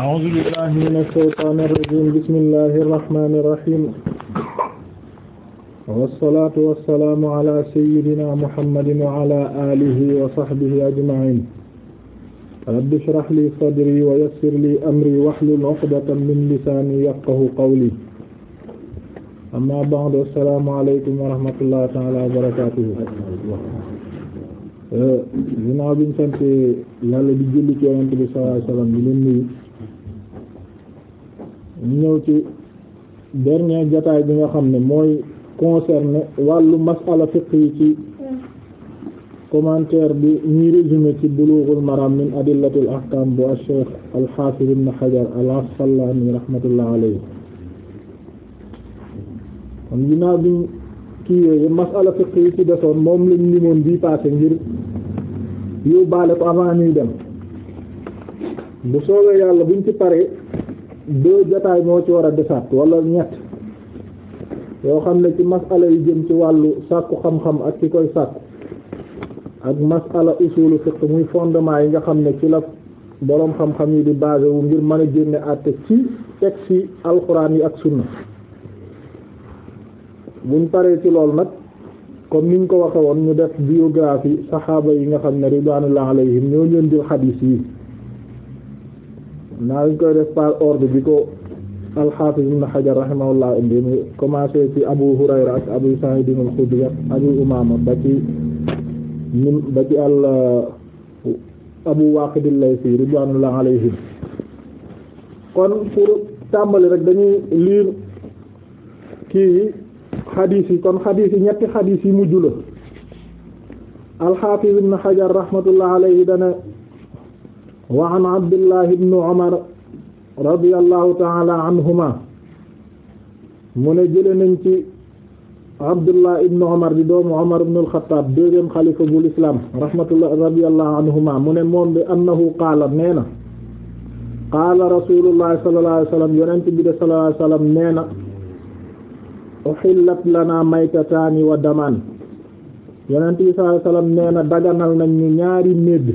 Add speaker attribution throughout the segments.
Speaker 1: a'uuzu billahi mina shaytaani rajiim bismillahi rahmaani rahiim wassalaatu wassalaamu ala sayyidina muhammadin wa ala aalihi wa sahbihi ajma'iin rabbi shrah li sadri wa yassir li amri wahlul uqdatan min lisaani yafqahu qawli amma ba'du assalaamu aleykum wa rahmatullahi ta'aala wa barakaatuh ginnaaw biñ sant yàlla di julli ci yonent bi sallallahu alayhi wasallam ñu leen nuyu ñu ñëw ci dernier jataay bi nga xam ne mooy concerné wàllu masala fiqh yi ci commentaire bi ñuy résumé ci Bulughul Maram min adillatil ahkam bu al-Shaykh al-Hafiz ibn Hajar al kon ginnaaw bi kii yooyu masala fiqh yi ci desoon moom lañ limoon bii passé ngir yóbbaale ko avant ñuy dem bu soobee yàlla buñ ci paree deux jotaay moo ci war a defaat walla ñett yoo xam ne ci masala yu jëm ci wàllu sàkku xam-xam ak ki koy sàkku ak masala usulu fiqh muy fondement yi nga xam ne ci la boroom xam-xam yi di basé wu ngir mën a génne àtte ci teg ci alxuraan yi ak sunna buñ paree ci lool nag comme niñ ko waxe woon ñu def biographie saxaaba yi nga xam ne ridwanullah alayhim ñoo di xadiis yi naa ngi koy def par ordre bi ko al ibn Hajar rahimahullah indi mu commencé ci Abu Hurayra Abu Sa'id al-Khudri Abu Umama ba ci al uh, Abu Waqid al-Laythi ridwanullah alayhim kon pour tàmbali rek dañuy lire kii xadiis yi kon xadiis yi ñetti xadiis yi mujj la al ibn Hajar rahmatullah alayhi dana wa an abdullah ibn umar radiyallahu taala anhuma mu ne jële nañ ci abdullah ibn umar di doomu umar ibn al-khattab deuxième xalifa bu l'islam rahmatullah radiyallahu anhuma mu ne moom bi annahu qaala nee na qaala rasulullah sallallahu alayhi wasallam yonent bi de sallallahu alayhi wasallam nee na uhillat lana maytataani wa damaan yonent bi sallallahu alayhi wasallam nee na daganal nañ ñu ñaari médd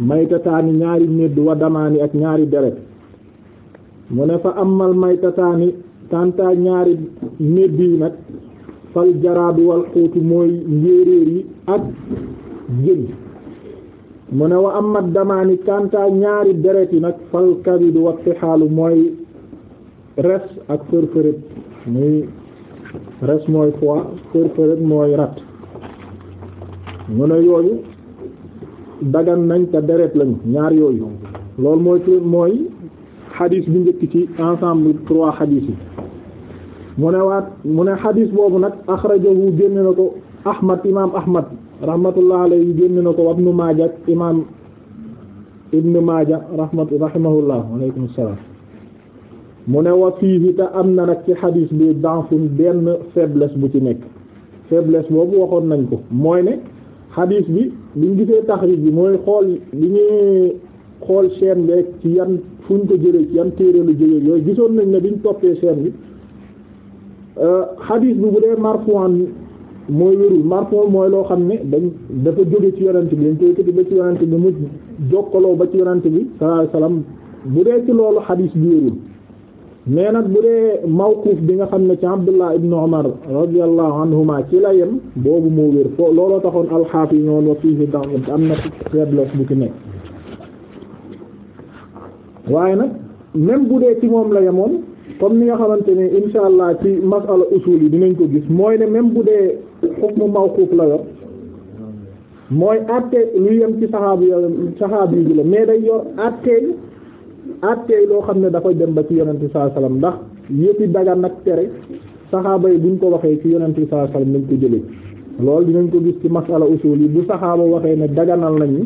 Speaker 1: maytataani ñaari médd wa damaani ak ñaari deret mu ne fa amal maytataani tanta ñaari médd yi nag fal jaraadu wal xuutu mooy njéeréer yi ak jën mu ne wa amat damaani tanta ñaari deret yi nag fal kabidu wa tixaalu mooy res ak fërfëret muy res mooy foie fërfëret mooy rat mu ne yooyu dagan nañ te deret lañ ñaar yooyu loolu mooy mooy xadis bu njëkk ci ensemble trois xadis yi mu ne waat mu ne xadis boobu nag axrajahu génn na ko ahmad imam ahmad rahmatullah alayhi génn na ko wa ibnu maaja imam ibnu maaja rahmat rahimahullah aleykum salaam mu ne wa fiihi te am na nag ci xadis bi danfun benn faiblesse bu ci nekk faiblesse boobu waxoon nañ ko mooy ne xadis bi liñ ñu tax taxrij bi mooy xool li ñuy xool chaîne beeg ci yan fu ñu ko jëlee ci yan téere lu jëlee yooyu gisoon nañ ne bi ñu toppee chaîne bi xadiis bi bu dee marfu'an mooy wérul marfu' mooy loo xam ne dañ dafa jóge ci yonent bi dañ koy yëkkati ba ci yonent bi mu jokkaloo ba ci yonent bi sallallahu alayhi wasallam bu dee ci loolu xadiis bi wérul mais nag bu dee mawquf bi nga xam ne ci Abdullah ibn Umar radiyallahu anhuma ci la yem boobu moo wér foo looloo taxoon alxaaf yi ñoon wa fiihi da'f am waaye nag même bu dee ci moom la yemoon comme ni nga xamante ne insha allah ci masala usul yi dinañ ko gis mooy ne même bu dee xukmu mawquf la yor mooy àtte lu yem ci saxaabu yo saxaabu yi la mais day yor àtte àtteey loo xam ne dafa dem ba ci yonent saa sallallahu alayhi wasallam ndax yëppi dagan ak tere saxaaba yi buñ ko waxee ci yonent bi sallallahu alayhi wasallam nañ ko jëlee loolu dinañ ko gis ci masala usul yi bu saxaaba waxee ne daganal nañ ñu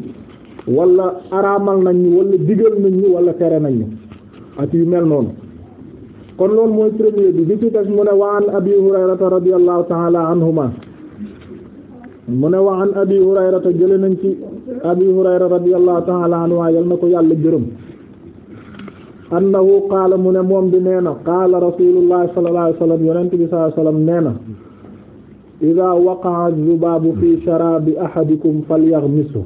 Speaker 1: wala araamal nañ ñu wala digal nañ ñu wala tere nañ ñu ak yu mel noonu kon loolu mooy premier bi bi ci des mu ne wa an abi hurayrata radiyallahu ta'ala anhuma mu ne wa an abi hurayrata jële nañ ci abi hurayrata radiyallahu ta'ala anhu yal na ko yàlla gërëm annahu qaala mu ne moom bi nee na qaala rasulullah sallallahu alayhi wa sallam yonent nee na ida waqa'a zubaabu fi sharabi ahadikum falyaghmisu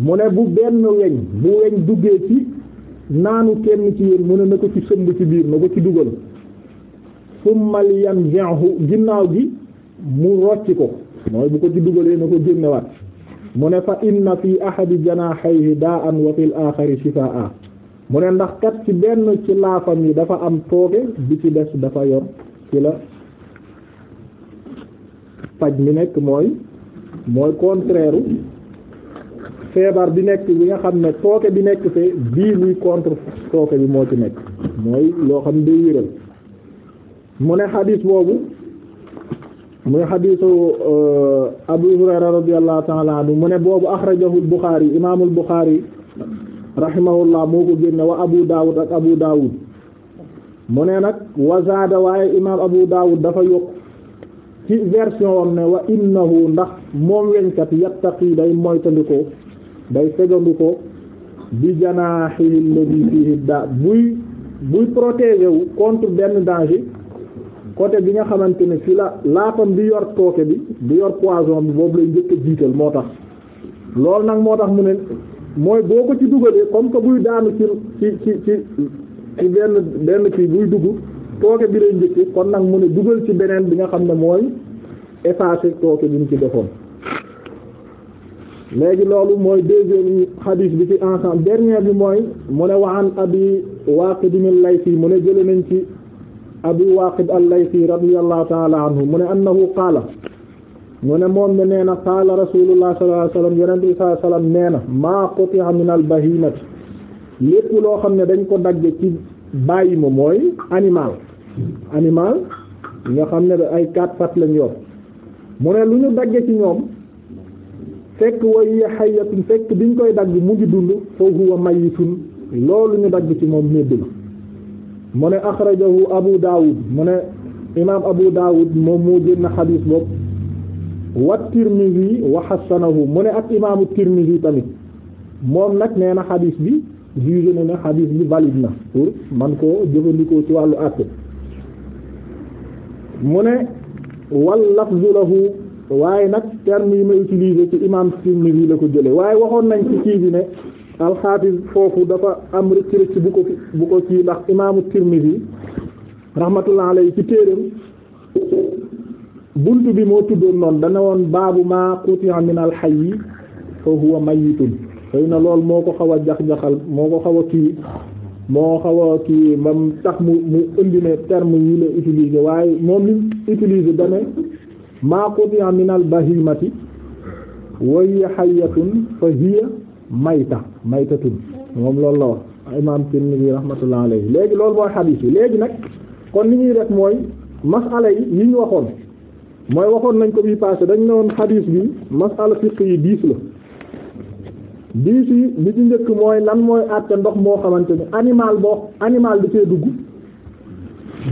Speaker 1: mu ne bu benn weñ bu weñ duggee ci naanu kenn ci yéen mu ne na ko ci sëmb ci biir na ko ci dugal summa liyanzi'hu ginnaaw gi mu rocci ko mooy bu ko ci dugalee na ko génnewaat mu ne fa inna fi ahadi janaahayhi daa'an wa fil aaxari shifaa mu ne ndax kat ci benn ci laafam yi dafa am tooge bi ci des dafa yor ci la paj mi nekk mooy mooy contraire feebar bi nekk bi nga xam ne tooke bi nekk fee bii luy contre tooke bi moo ci nekk mooy loo xam day wéral mu ne xadiis boobu mu ne xadiisu euh, Abu Hurayra radiyallahu ta'ala anhu mu ne boobu axrajahu al-Bukhari imaamul Bukhari rahimahullah moo ko génne wa abu daawud ak abu daawud mu ne nag wa zaada waaye imaam abu daawud dafa yokk ci version wam ne wa innahu ndax moom weñkat yattaqi day moytandikoo day segandikoo bi janaahi alladhi fihi da buy buy protéger contre benn danger côté bi nga xamante ne fi la laafam bi yor tooke bi bi yor poison bi boobu lay njëkk a jiital moo tax loolu nag moo tax mu ne mooy boo ko ci dugalee comme que buy daanu ci ci ci ci ci benn benn kii buy dugg tooke bi lay njëkk nag mu ne dugal ci beneen bi nga xam ne mooy effacer tooke bi ñu ci defoon léegi loolu mooy deuxième xadiis bi ci ensemble dernier bi mooy mu ne waan abi Waaqid al-Laythi mu ne jële nañ ci abi Waaqid al-Laythi radiyallahu ta'ala anhu mu ne annahu qaala mu ne moom ne nee na qaala rasulullah sallallahu alayhi wasallam yonent bi sallallahu alayhi wasallam nee na maa quti'a min al bahimati lépp loo xam ne dañ ko dagge ci bàyyi ma mooy animal animal nga xam ne ay quatre pattes lañ yor mu ne lu ñu dagge ci ñoom fekk wa hiya hayyatun fekk biñ koy dagg mu ngi dund fa huwa mayyitun loolu ñu dagg ci moom médd la mu ne akhrajahu abu dawud mu ne imam abu dawud moom moo génn xadiis boobu wa Tirmizi wa xasanahu mu ne ak imaamu Tirmizi tamit moom nag nee na xadiis bi jugé na ne xadiis bi valide na pour man koo jëfandikoo ci wàllu àtte mu ne wal lafzu waaye nag terme yi ma utilisé ci imam Tirmizi la ko jële waaye waxoon nañ ci kii bi ne alxaafis foofu dafa am rëcc rëcc bu ko kii ndax imaamu Tirmizi rahmatullah alayhi ci téereem bunt bi moo tuddoon noonu dana woon baabu ma qutiya min al hayy fa huwa mayitun xëy na lool moo ko xaw a jax-jaxal moo ko xaw a kii moo xaw a kii mam tax mu mu indi ne terme yi la utilisé waaye moom liñ utilisé dane ma qutiya min al bahimati wa hiya hayyatun fa hiya mayta maytatun moom loolu la wax imam Tirmidhi rahmatullah alayhi léegi lool mooy xadiis yi léegi nag kon li ñuy def mooy masala yi yi ñu waxoon mooy waxoon nañ ko bi passé dañ ne woon xadiis bi masala fiq yi diis la diis yi bi ci njëkk mooy lan mooy àtte ndox moo xamante ni animal boo animal bi see dugg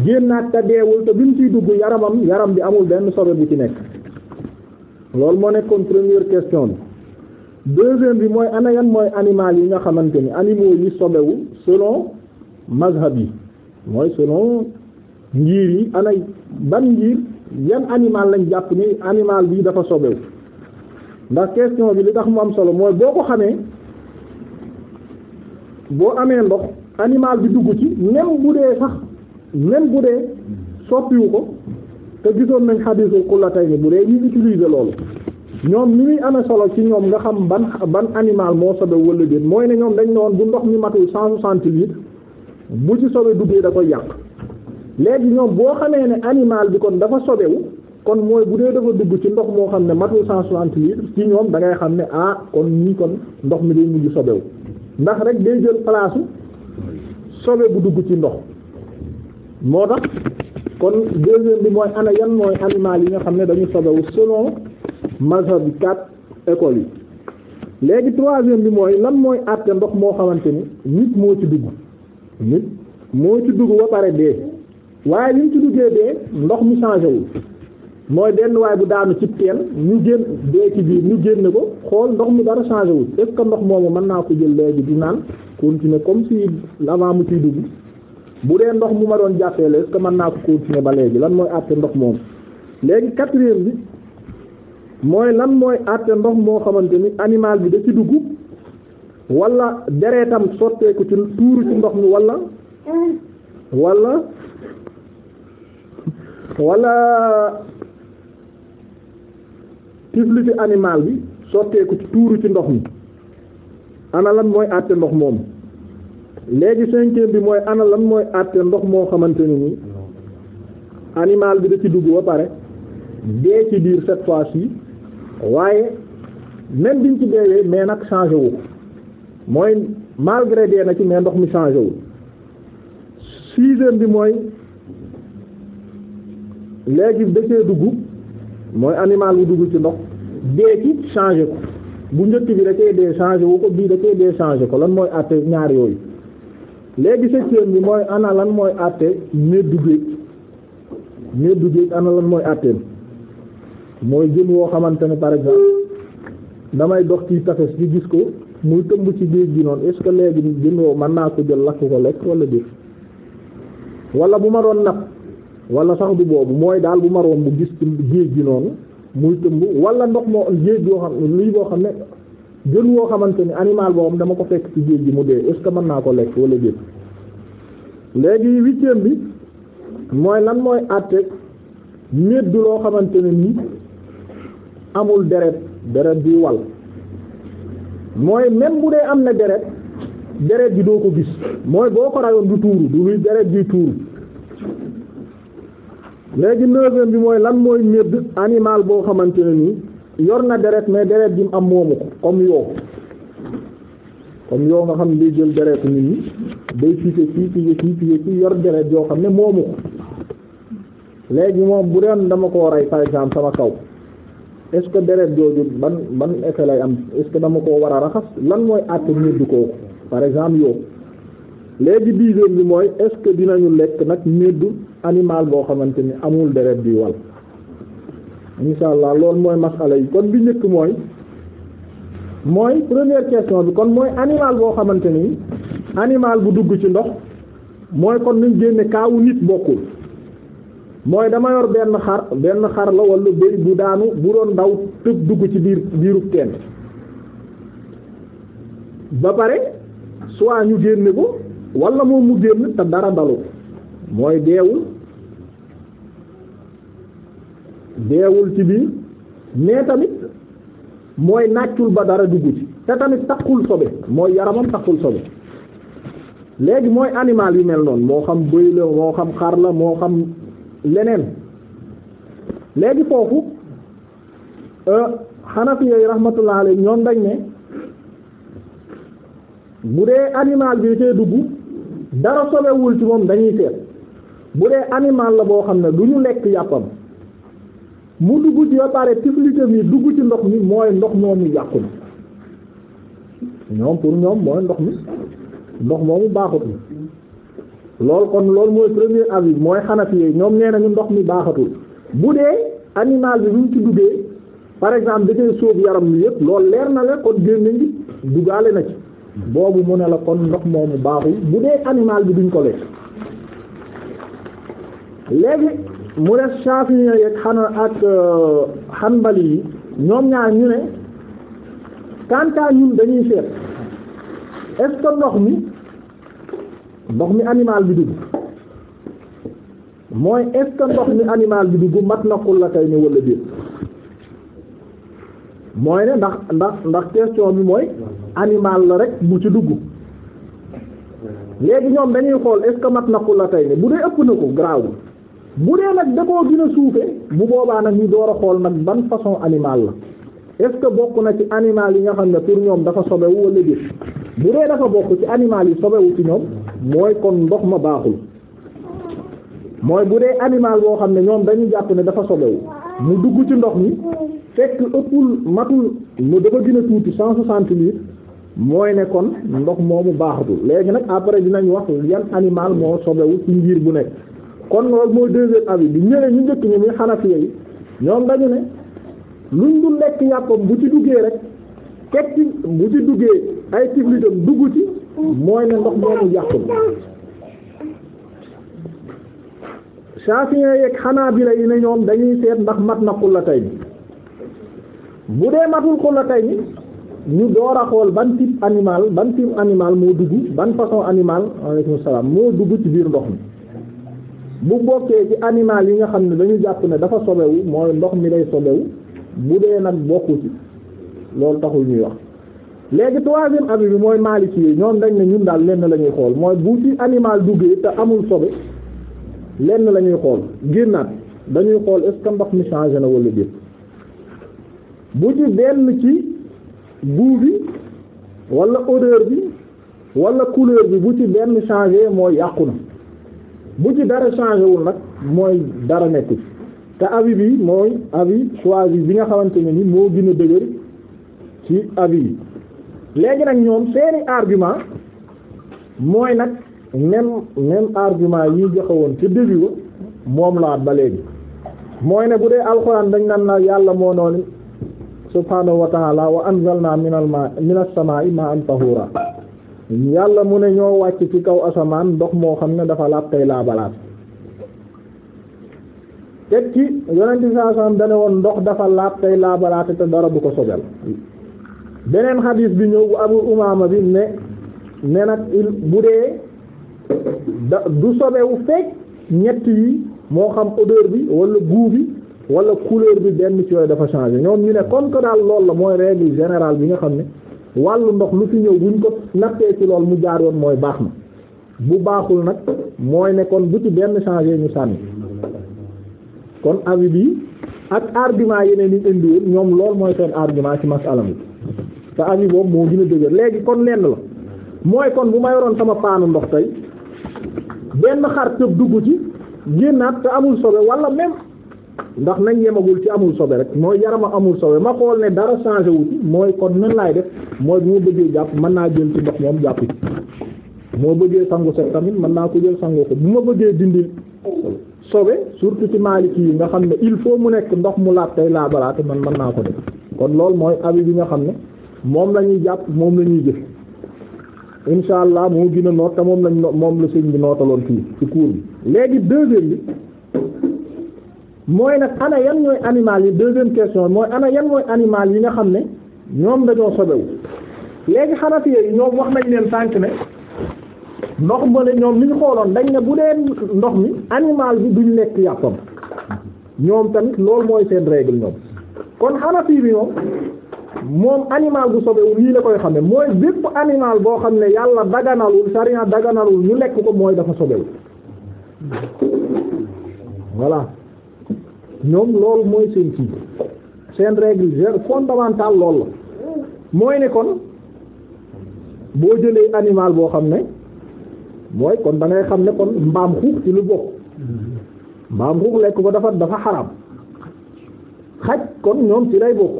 Speaker 1: génnaat te deewul te bi mu ciy dugg yaramam yaram bi amul benn sobe bu ci nekk loolu moo nekkoon première question bi deuxième bi mooy ana yan mooy animal yi nga xamante ni animaux yi sobewu selon mazhab yi mooy selon ngiir yi ana ban ngiir yan animal lañ jàpp ni animal bii dafa sobewu ndax question bi li tax mu am solo mooy boo ko xamee boo amee ndox animal bi dugg ci même bu dee sax même bu dee soppiwu ko te gisoon nañ xadiisul xullatayni bu dee ñu utiliser loolu ñoom ni muy amee solo ci ñoom nga xam ban ban animal moo sobe wala déet mooy ne ñoom dañ ne woon bu ndox mi matul cent soixante litres bu ci sobe duggee da koy yàq léegi ñoom boo xamee ne animal bi kon dafa sobewu kon mooy bu dee dafa dugg ci ndox moo xam ne matul cent soixante litres ci ñoom da xam ne ah kon ñii kon ndox mi day mujj sobewu ndax rek day jël place sobe bu dugg ci ndox moo tax kon deuxième bi mooy ana yan mooy animal yi nga xam ne dañu sobewu selon mazhab bi quatre écoles yi léegi troisième bi mooy lan mooy àtte ndox moo xamante ni nit moo ci dugg nit moo ci dugg ba pare dee waaye liñ ci duggee de ndox mi changé wul mooy benn waay bu daanu ci teen ñu génn dee biir ñu génn ko xool ndox mi dara changé wul est-ce ndox moomu mën naa ko jël léegi di naan continuer comme si avant mu ci dugg bu dee ndox mu ma doon jàppee la est-ce que naa ko continuer ba léegi lan mooy àtte ndox moomu léegi quatrième bi mooy lan mooy àtte ndox moo xamante ni animal bi da ci dugg wala deretam sotteeku ci tuuru ci ndox mi wala wala wala tifli ci animal bi sotteeku ci tuuru ci ndox mi ana lan mooy àtte ndox moom léegi cinquième bi mooy ana lan mooy àtte ndox moo xamante nii ni animal bi da ci dugg ba pare dee ci biir cette fois-ci waaye même biñ ci deewee mais nag changé wu mooy malgré dee na ci mais ndox mi changé wu sixième bi mooy léegi de dëcee dugg mooy animal bu dugg ci ndox dee ci changé ko bu njëkk bi da cee dee changé wu ko bii da cee dee changé ko lan mooy àtte ñaar yooyu léegi septième bi mooy ana lan mooy àtte meddu géej meddu géej ana lan mooy àtteem mooy gën woo xamante ne par damay dox ci tafes bi gis ko muy tëmb ci géej gi noonu est-ce que léegi jën woo man naa ko jël lakk ko lekk wala déet wala bu ma doon napp wala sax du boobu mooy daal bu maroon bu gis géej gi noonu muy tëmb wala ndox moo géej yoo xam ne lii boo xam ne jën woo xamante ni animal boo xam dama ko fekk ci géej gi mu dee est-ce que mën naa ko lekk wala déet léegi huitième bi mooy lan mooy àtteeg médd loo xamante ne ni amul deret deret bi wal mooy même bu dee am na deret deret gi doo ko gis mooy boo ko rayoon du tuuru du luy deret bi tuuru léegi neuvième bi mooy lan mooy médd animal boo xamante ne nii yor na deret mais deret bi mu am moomu ko comme yow comme yow nga xam ne day jël deretu nit ñi day piqué fii piqué fii piqué fii yor deret yoo xam ne moomu ko léegi moom bu doon dama ko rey par exemple sama kaw est-ce que deret jooju ban ban effet lay am est-ce que dama koo war a raxas lan mooy àtt médd kooku par exemple yow léegi dixième bi mooy est-ce que dinañu lekk nag médd animal boo xamante ni amul deret bi wal insha lool mooy masala yi kon bi njëkk mooy mooy première question bi kon mooy animal boo xamante ni animal bu dugg ci ndox mooy kon nañ génne kaawu nit bokkul mooy dama yor benn xar benn xar la walla bëy bu daanu bu doon daw tëb dugg ci biir biiru teen ba pare soit ñu génn ko wala moom mu génn te dara dalu mooy deewul deewul ci biir mais tamit mooy nàccul ba dara dugg ci te tamit takkul sobe mooy yaramam takkul sobe léegi mooy animal yu mel noonu moo xam bëy la moo xam xar la moo xam leneen léegi foofu xanafi euh, yooyu rahmatullah alayhi ñoom dañ ne bu dee animal bi see dugg dara sobewul ci moom dañuy seet bu dee animal la boo xam ne du ñu lekk yàppam mu dugg ci ba pare tiflitam yi dugg ci ndox mi mooy ndox moomu yàqu na ñoom pour ñoom mooy ndox mi ndox moomu baaxatul loolu kon loolu mooy premier avis mooy xanafi yi ñoom nee nañu ndox mi baaxatul bu dee animal bi duñ ci duggee par exemple da koy sóob yaram mi yëpp loolu leer na la kon génne gi duggaale na ci boobu mu ne la kon ndox moomu baaxu bu dee animal bi duñ ko lekk léegi mu ne Shafi'i ak xana ak euh, Hanbali yi ñoom ñaar ñu ne kanta ñun dañuy seet est ndox mi ndox mi animal bi dugg mooy est ndox mi animal bi dugg mat na qullatayn wala déet mooy ne ndax ndax ndax question bi mooy animal la rek bu ci dugg léegi ñoom dañuy xool est-ce que mat na qullatayn bu dee ëpp na ko garaawul bu dee nag da koo gën a suufe bu boobaa nag ni door a xool nag ban façon animal la est-ce que bokk na ci animal yi nga xam ne pour ñoom dafa sobewu wala déet bu dee dafa bokk ci animal yi sobewu ci ñoom mooy kon ndox ma baaxul mooy bu dee animal boo xam ne ñoom dañu jàpp ne dafa sobewu mu dugg ci ndox mi fekk ëppul matul mu dafa gën a tuuti cent soixante litres mooy ne kon ndox moomu baaxatul léegi nag après dinañ wax yan animal moo sobewu ci ngir bu nekk kon loolu mooy deuxième avis bi ñëwee ñu njëkk ñi muy xanafiya yi ñoom dañu ne luñ du lekk yàppam bu ci duggee rek képp ci bu ci duggee ay tiflitam dugg ci mooy ne ndox moomu yàqul Shafi'i yeeg Hanabila yi ne ñoom dañuy seet ndax mat na xullatay bi bu dee matul xullatay bi ñu door a xool ban type animal ban type animal moo dugg ban façon animal aleykum salaam moo dugg ci biir ndox mi bu bokkee ci animal yi nga xam ne dañu jàpp ne dafa sobewu mooy ndox mi lay sobewu bu dee nag bokku ci loolu taxul ñuy wax léegi troisième avis bi mooy maliki yi ñoom dañ ne ñun daal lenn lañuy xool mooy bu ci animal duggee te amul sobe lenn lañuy xool génnaat dañuy xool est ce que ndox mi changé na wala déet bu ci benn ci goût bi wala odeur bi wala couleur bi bu ci benn changé mooy yàqu na bu ci dara changé wul nag mooy dara nekku te avis bi mooy avis choisi bi nga xamante ne ni moo gën a dëgër ci avis yi léegi nag ñoom seeni argument mooy nag même même argument yi joxe woon ci début ba moom laa ba léegi mooy ne bu dee alxuraan dañ nan na yàlla moo noonu subhaanahu wa ta'ala wa anzalna minal ma'i minas sama'i ma'an tahura yàlla mu ne ñoo wàcc ci kaw asamaan ndox moo xam ne dafa laab laa laabalaat teg woon ndox dafa laab tey laabalaat te dara bu ko sobel beneen xadiis bi ñëw bu Abu Umaama bi ne ne nag il bu dee da du sobewu fekk ñett yi moo xam odeur bi wala goût bi wala couleur bi benn ci yooyu dafa changé ñoom ñu ne comme que daal loolu la mooy règle générale bi nga xam ne wàllu ndox lu fi ñëw buñ ko nattee ci lool mu jaaroon mooy baax na bu baaxul nag mooy nekkoon kon bu ci benn changé ñu sànni kon avis bi ak argument yeneen yi indiwoon ñoom lool mooy seen argument ci masala bi te avis boobu moo gën a dëgër léegi kon lenn la mooy kon bu ma yoroon sama paanu ndox tey benn xar tëb dugg ci génnaat te amul sobe wala même ndax nañ yemagul ci amul sobe rek mooy yarama amul sobe ma xool ne dara changé wu ci mooy kon nan laay def mooy bu ma bëggee jàpp man naa jël ci ndox moom jàpp ci moo bëggee sangu mën naa ko jël sangoo ko bu ma bëggee dindi sobe surtout ci maaliki kii nga xam ne il faut mu nekk ndox mu laat tey laa balaate man mën naa ko def kon loolu mooy abi bi nga xam ne moom la ñuy jàpp moom la ñuy jëf insha allah moo gën a noot te moom lañ moom la sëñ bi nootaloon fii ci kuur bi léegi deuxième bi mooy nag ana yan ñooy animal yi deuxième question mooy ana yan mooy animal yi nga xam ne ñoom dañoo sobewu léegi xanafi yi ñoom wax nañ leen sànq ne ndox ma ne ñoom li ñu xooloon dañ ne bu dee ndox mi animal bi duñ lekk yàppam ñoom tamit lool mooy seen règle ñoom kon xanafi bi ñoom moom animal bu sobewu lii la koy ne mooy bépp animal boo xam ne yàlla daganalul sariya daganalul ñu lekk ko mooy dafa sobewu voilà ñoom loolu mooy seen kii seen règle fondamentale loolu la mooy ne kon boo jëlee animal boo xam ne mooy kon da ngay xam ne kon mbaam xuux ci lu bokk mbaam xuux lekk ko dafa dafa xaram xaj kon ñoom ci lay bokk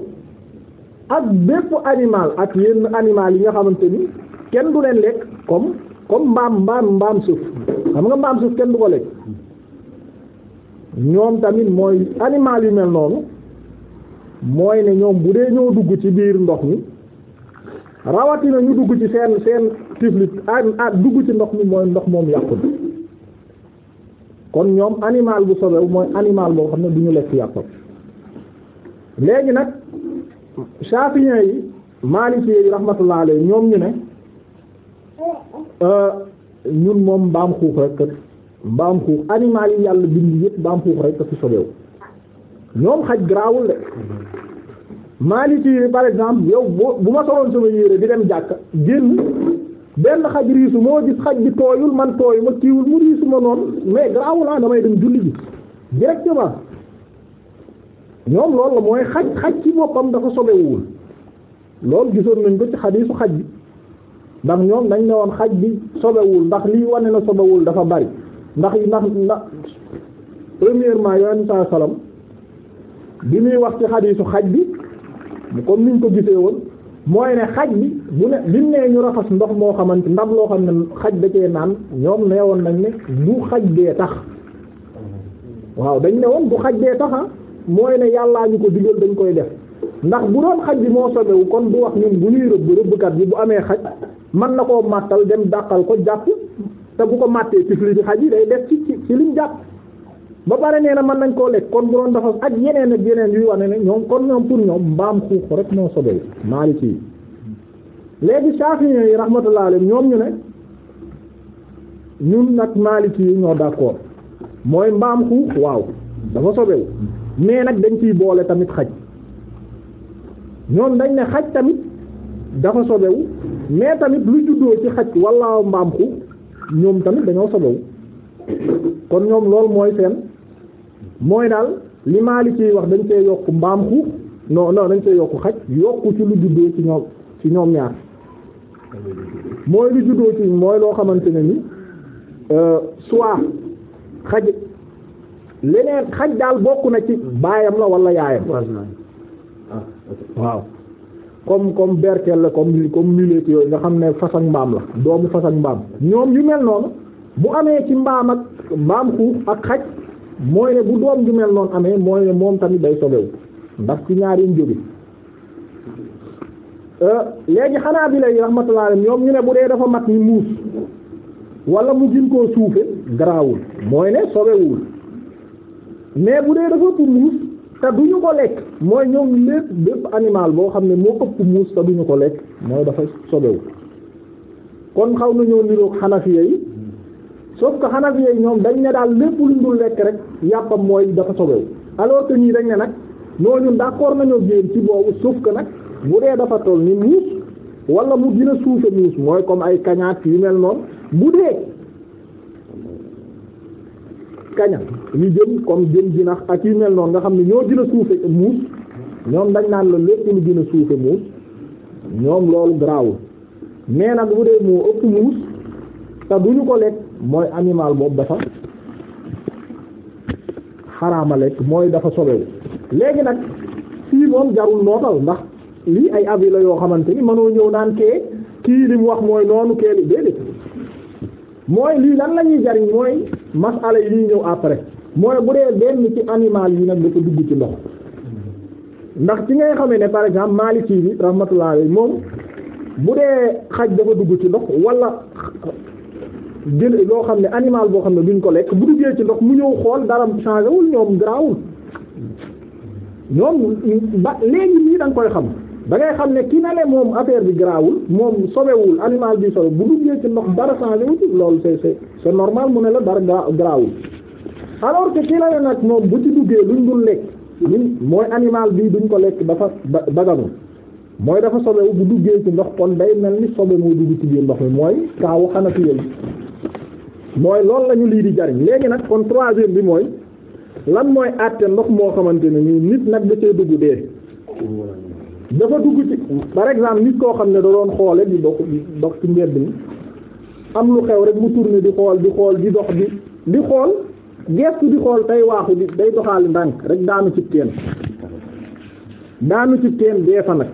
Speaker 1: ak bépp animal ak yenn animal yi nga xamante ni kenn du leen lekk comme comme mbaam mbaam mbaam suuf xam nga mbaam suuf kenn du ko lekk ñoom tamit mooy animal yu mel noonu mooy ne ñoom bu dee ñëw dugg ci biir ndox mi rawatina ñu dugg ci seen seen tiflit ah dugg ci ndox mi mooy ndox moom yàqu bi kon ñoom animal bu sobewu mooy animal boo xam ne du ñu lekk yàqu léegi nag Shafi'i yi Maliki yi rahmatullah alayhi ñoom ñu ne euh, ñun moom mbaam xuux rek mbaam xuux animal yi yàlla bind yëpp mbaam xuux rek dafa sobeewu ñoom xaj garaawul de Maliki yi par exemple yow bu ma soloon sama yére di dem jàkk génn benn xaj riisu moo gis xaj bi tooyul man tooyu ma kiiwul mu riisu ma noon mais garaawul ah damay dem julli ji directement ñoom loolu la mooy xaj xaj ci boppam dafa sobewuwul loolu gisoon nañ ko ci xadiisu xaj bi ndax ñoom dañ ne woon xaj bi sobewul ndax lii wane na sobewul dafa bari ndax ndax ndax premièrement yoon saa salam bi muy wax ci xadiisu xaj bi comme niñ ko gisee woon mooy ne xaj bi bu ne bi nee ñu raxas ndox moo xamante ndab loo xam ne xaj da cee naan ñoom nee woon nañ ne bu xaj bee tax waaw dañ ne woon bu xaj bee tax ah mooy ne yàllaa ñu ko digal dañ koy def ndax bu doon xaj bi moo sobewu kon du wax ñun bu ñuy rëbb rëbbkat bi bu amee xaj man na koo màttal dem dàqal ko jàpp te bu ko màttee tifli ci xaj yi day def ci ci lim jàpp ba pare nee na mën nañ koo lekk kon bu doon dafa ak yeneen ak yeneen yuy wane ne ñoom kon ñoom pour ñoom mbaam xuux rek ñoo sobee Maliki yi léegi Shafi'i yi rahmatullah alayhi ñoom ñu ne ñun nag Maliki yi ñoo d'accord mooy mbaam xuux waaw dafa sobewu mais nag dañ ciy boole tamit xaj ñoom dañ ne xaj tamit dafa sobewu mais tamit luy juddoo ci xaj walla mbaam xuux ñoom tamit dañoo sababu kon ñoom loolu mooy seen mooy daal li Maalik yi wax dañ see yokk mbaam xuux non non dañ see yokk xaj yokku ci lu juddoo ci ñoom ci ñoom ñaar mooy lu juddoo ci mooy loo xamante ne ni euh, soit xaj leneen xaj daal bokk na ci baayam la wala yaayam ah, waaw comme comme berkel la comme comme mulet yooyu nga xam ne fas ak mbaam la doomu fas ak mbaam ñoom yu mel noonu bu amee ci mbaam ak mbaam xuux ak xaj mooy ne bu doom ju mel noonu amee mooy ne moom tamit day sobewu ndax ci ñaari njóge euh, léegi xanaa bi lay rahmatullah alayhi ñoom ñu ne bu dee dafa mat ni muus wala mu gën koo suufe garaawul mooy ne sobewul mais bu dee dafa ëpp muus te du ñu ko lekk mooy ñëw lépp bépp animal boo xam ne moo ëpp muus te du ñu ko lekk mooy dafa sobewu kon xaw nañoo niroog xanafiya yi sauf ko xanafiya yi ñoom dañ ne daal lépp lu luñ dul lekk rek yàppam mooy dafa sobewu alors que ñii dañ ne nag ñooñu d'accord nañoo jéem ci boobu sauf que nag bu dee dafa toll ni muus wala mu gën a suufe muus mooy comme ay kañaat yu mel noonu bu dee kaña ñu jëm comme jëm jinax ak yu mel noonu nga xam ne ñoo gën a suufe muus ñoom dañ naan la lépp lu gën a suufe muus ñoom loolu garaawul mais nag bu dee moo ëpp muus te duñu ko lekk mooy animal boobu dafa xaraama lekk mooy dafa sobewu léegi nag fii moom jarul nootal ndax lii ay avis la yoo xamante ni mënoo ñëw naan kee kii li mu wax mooy noonu kee li déedéet mooy lii lan lañuy jariñ mooy masala yi ñuy ñëw après mooy bu dee benn ci animal yi nag dafa dugg ci ndox ndax ci ngay xamee ne par exemple Maliki bi rahmatullah alayhi moom bu dee xaj dafa dugg ci ndox walla jël loo xam ne animal boo xam ne duñ ko lekk bu duggee ci ndox mu ñëw xool dara changé wul ñoom garaawul ñoom ba léegi nii da nga koy xam. da ngay xam ne ki na le moom affaire bi garaawul moom sobewul animal bi sobe bu duggee ci ndox dara changé wu ci loolu c'est c'est c'est normal mu ne la dara garaawul alors que ki na le nag moom bu ci duggee luñ dul lekk luñ mooy animal bi duñ ko lekk dafa baganu mooy dafa sobewu bu duggee ci ndox kon day na ni sobe moo dugg ci biir ndox mi mooy kaawu xanatu yël mooy loolu lañu lii di jariñ léegi nag kon troisième bi mooy lan mooy àtte ndox moo xamante ne nii nit nag da cee dugg dafa dugg ci par exemple nit koo xam ne da doon xoole di dox di ci mbedd mi am lu xew rek mu tourné di xool di xool di dox di di xool gestu di xool tey waaxu di day doxaali ndànk rek daanu ci teen daanu ci teen dee fa nag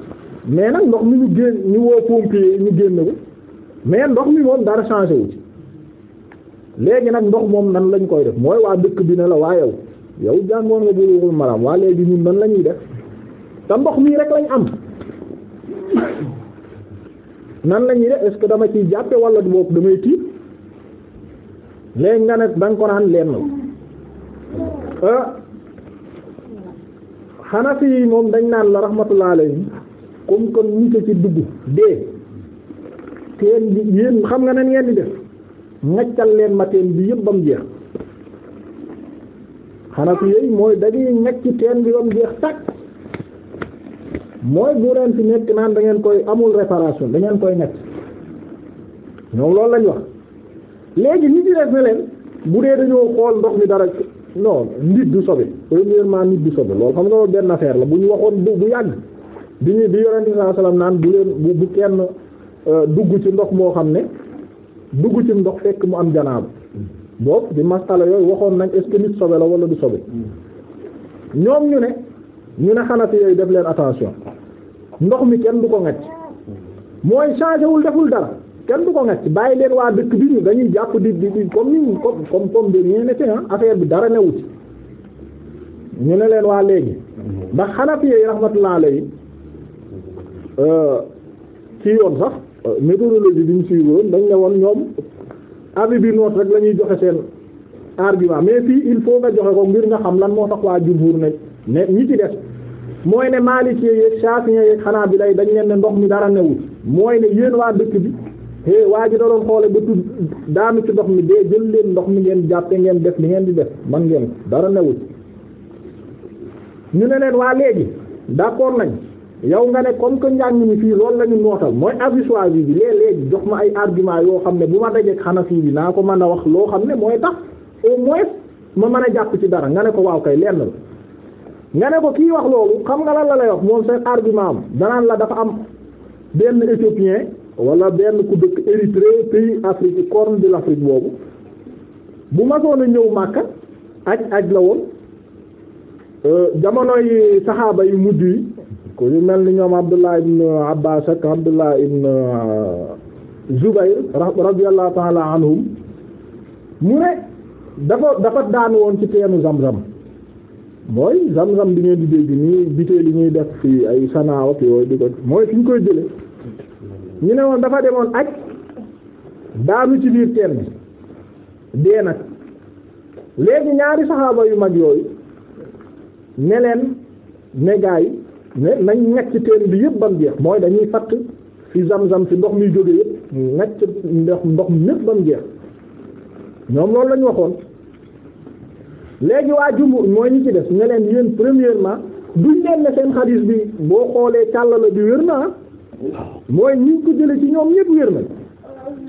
Speaker 1: mais nag ndox mi ñu génn ñu woo pompier ñu génn ko mais ndox mi moom dara changé wu léegi nag ndox moom nan lañ koy def mooy waa dëkk bi ne la waa yow yow jàngoon nga bu ruuxul maram waa léegi ñun nan la ñuy def te ndox mii rek lañ am nan la ñuy def ce que dama ciy jàppe walla du bopp damay tiit léegi nga ne da ko naan leen la ah, Hanafi yi moom dañ naan la rahmatullah alayhi comme kon nit ci dugg dee teen bi yéen xam nga nan ngeen di def ngaccal leen ma teen bi yëpp ba mu jeex Hanafi yooyu mooy dañuy ngacc teen bi ba mu jeex tàkk mooy bu ren fi nekk naan da ngeen koy amul réparation da ngeen koy nekk ñoom loolu lañ wax léegi ñi ci def ne leen bu dee dañoo xool ndox mi dara non nit du sobe premièrement nit du sobe loolu xam nga loolu benn affaire la bu ñu waxoon bu yàgg bi ñu bi yonente sallallahu alayhi wasallam naan bu leen bu kenn euh, dugg ci ndox moo xam ne dugg ci ndox fekk mu am janaaba boobu di masala yooyu waxoon nañ est-ce que nit sobe la wala du sobe hmm. ñoom ñu ne ñu ne xanafi yooyu def leen attention ndox mi kenn du ko ngacc mooy changé wul deful dara kenn du ko ngacc bàyyi leen waa dëkk bi ñu dañuy jàpp di di di comme nii comme comme comme de rien n'était bi dara newut ñu ne leen waa léegi ba ndax xanafi yooyu rahmatullah alayhi euh, ci yoon sax euh, méthodologie bi ñu suivre woon dañ ne woon ñoom avis bi noot rek la ñuy joxe seen argument mais fii il faut nga joxe ko ngir nga xam lan moo tax waa jumhur ne ne ñi ci def mooy ne Maliki yeeg Shafi'i yeeg Hanabila dañ leen ne ndox mi dara newul mooy ne yéen waa dëkk bi é waa ji da doon xoole ba tudd daanu ci ndox mi dee jël leen ndox mi ngeen jàppe ngeen def li ngeen di def man ngeen dara newul ñu ne leen waa léegi d'accord nañ yow nga ne comme que njàng mi fii loolu la ñu nootal mooy avis choisi bi léeg léegi jox ma ay argument yoo xam ne bu ma dajeek Hanafi bi naa ko mën a wax loo xam ne mooy tax au moins ma mën a jàpp ci dara nga ne ko waaw kay lenn la nga ne ko kii wax loolu xam nga lan la lay wax moom seen argument am danaan la dafa am benn éthiopien wala benn ku dëkk Érythrée pays Afrique corne de l'Afrique boobu bu masoon a ñëw Makka aj aj la woon euh, jamono yi saxaaba yu mujj yi ku ñu mel ni ñoom Abdullah ibn Abbas ak Abdullah ibn euh, Zubayr radiyallahu ta'ala anhum mu ne dafa dafa daan woon ci teenu Zamzam mooy zam-zam bi ngeen di dégg nii biteel yi ñuy def fii ay sanaaw ak yooyu di mooy fi ñu koy jële ñu ne woon dafa demoon ak daanu ci biir teen bi dee nag léegi ñaari saxaaba yu mag yooyu ne leen ne gaa yi ne nañ ñàkk teen bi yëpp bam jeex mooy dañuy fatt fi zam-zam fi ndox mi jóge yëpp ñàkk ndox ndox mi yëpp bam jeex ñoom loolu lañ waxoon léegi waa jumbu mooy ñu ci def ne leen yéen premièrement du leen ne seen xadis bi boo xoolee càllala bi wér na mooy ñi ko jële ci ñoom ñëpp wér na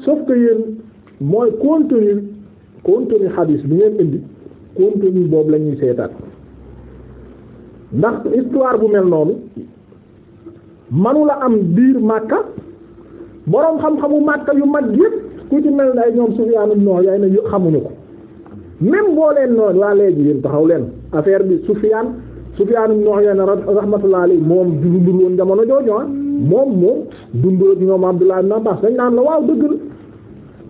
Speaker 1: sauf que yéen mooy contenu contenu xadis bi ngeen indi contenu boobu la ñuy ndax histoire bu mel noonu manula am biir màkka boroom xam-xamu màkka yu mag yëpp ku ci mel ne ay ñoom Sufyaan ibn Uyayna xamuñu ko même boo leen laa waa léegi yéen taxaw leen affaire bi Sufyaan Sufyaan ibn Uyayna rahmatullahi alayhi moom dundul woon jamono jooju ah moom moom dundul ak ñoom Abdullah ibn Abbas dañ naan la waaw dëgg la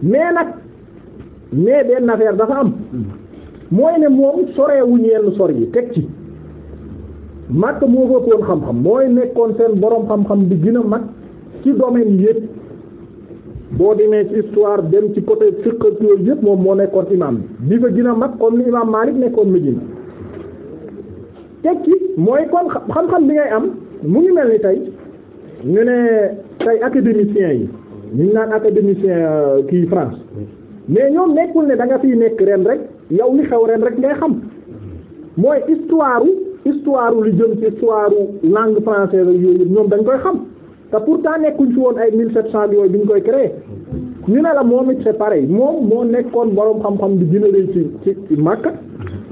Speaker 1: mais nag mais benn affaire dafa am mooy ne moom sorewuñu yenn sor yi teg ci Makka moo ëppoon xam-xam mooy nekkoon seen boroom xam-xam bi gën a mag ci domaine yépp boo demee ci histoire dem ci côté fiqh yëpp moom moo nekkoon imam bi fa gën a mag comme ni imam Malik nekkoon Médine tekki mooy kon xam-xam bi ngay am mu ngi mel ni tey nga ne tey académiciens yi ñu naan académicien euh, kii France mais ñoom nekkul ne da nga fiy nekk ren rek yow li xew ren rek ngay xam mooy histoire histoire lu jëm ci histoire langue française yooyu ñoom dañ koy xam te pourtant nekkuñ fi woon ay mille sept cent yooyu bi koy créé ñu ne la moom it c'est moom moo nekkoon boroom xam-xam bi gën a rëy ci ci Makka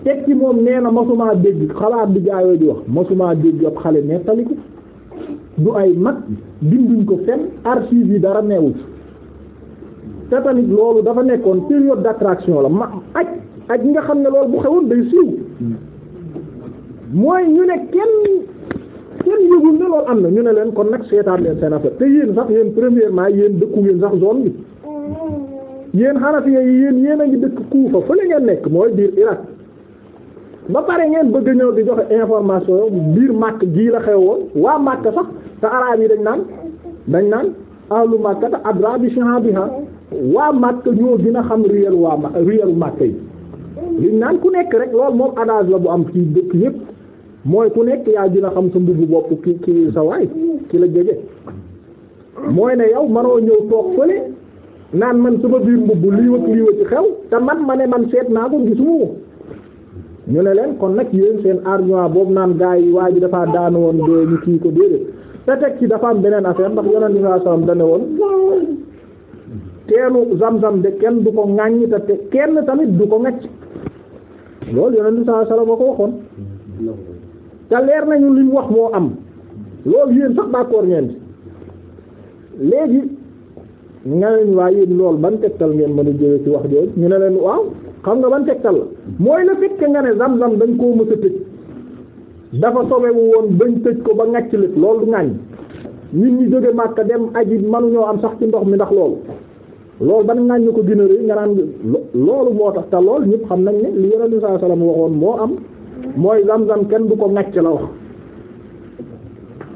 Speaker 1: teg ci moom nee na masumaa dégg xalaat bi gaayoo di wax masumaa dégg ab xale nettaliku du ay mag binduñ ko fenn archive yi dara neewul te tamit loolu dafa nekkoon période d'attraction la ma aj aj nga xam ne loolu bu xewoon day siiw hmm. mooy ñu ne kenn kenn yëgul ne loolu am na ñu ne leen kon nag seetaat leen seen affaire te yéen sax yéen premièrement yéen dëkku ngeen sax zone bi yéen Hanafiya yi yéen yéen a ngi dëkk Kuufa la ngeen nekk mooy biir Irak ba pare ngeen bëgg ñëw di joxe information biir Makka gii la xewoon waa Makka sax te araab yi dañ naan dañ naan ahlu Makka te adra bi shihabiha waa Makka ñoo gën a xam réel waa ma yi liñ naan ku nekk rek loolu moom adage la bu am ci dëkk yépp mooy ku nekk yaa dina xam sa mbubu bopp ki ki sa waay ki la jege mooy ne yow manoo ñëw toog fële naan man sama biir mbubu lii wëkk lii xew te man ma ne man seet naa ko gisuma ñu ne leen kon nag yéen seen argument boobu naan gaa yi waa ji dafa daan woon doo ñu kii ko déedéet te teg ci dafa am beneen affaire ndax yonent bi sallallahu alayhi wasallam dane woon teenu zam-zam de kenn du ko ŋàññ te tamit du ko ŋacc loolu yonent bi sallallahu alayhi a ko waxoon te leer nañu li mu wax moo am loolu yéen sax d'accord ngeen léegi nga leen waa yéen loolu ban tegtal ngeen mën a jëlee ci wax jooju ñu ne leen waaw xam nga ban tegtal la mooy la fekk nga ne zam-zam dañ koo mës a tëj dafa sobewu woon bañ tëj ko ba ngàcc lépp loolu ngaañ nit ñi jóge Makka dem manu manuñoo am sax ci ndox mi ndax loolu loolu ban ngaañ ñu ko gën a rëy nga naan loolu moo tax te lool ñëpp xam nañ ne li Yonent bi sallallahu waxoon moo am. mooy zam-zam kenn du ko ngacc la wax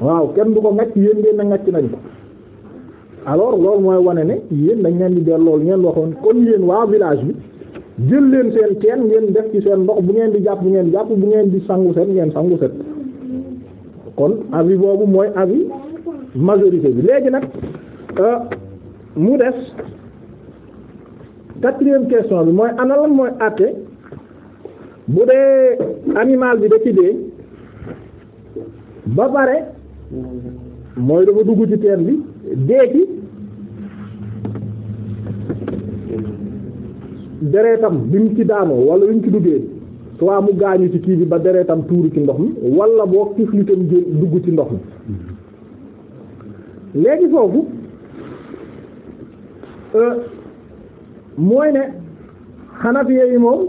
Speaker 1: waaw kenn du ko ngacc yéen ngeen na ngacc nañ ko alors loolu mooy wane ne yéen dañ leen di delloo ngeen waxoon kon yéen waa village bi jël leen seen teen ngeen def ci seen ndox bu ngeen di jàpp ngeen jàpp bu ngeen di sangu set ngeen sangu set kon avis boobu mooy avis majorité bi léegi nag euh, mu des quatrième question bi mooy ana mooy àtte bu dee animal bi da ci dee ba pare mooy dafa dugg ci teen bi dee deretam bi mu ci daanoo wala bi mu ci duggee soit mu gaañu ci kii bi ba deretam tuuru ci ndox mi wala boo tiflitam jël dugg ci ndox mi léegi foofu euh, mooy ne xanafiye yi moom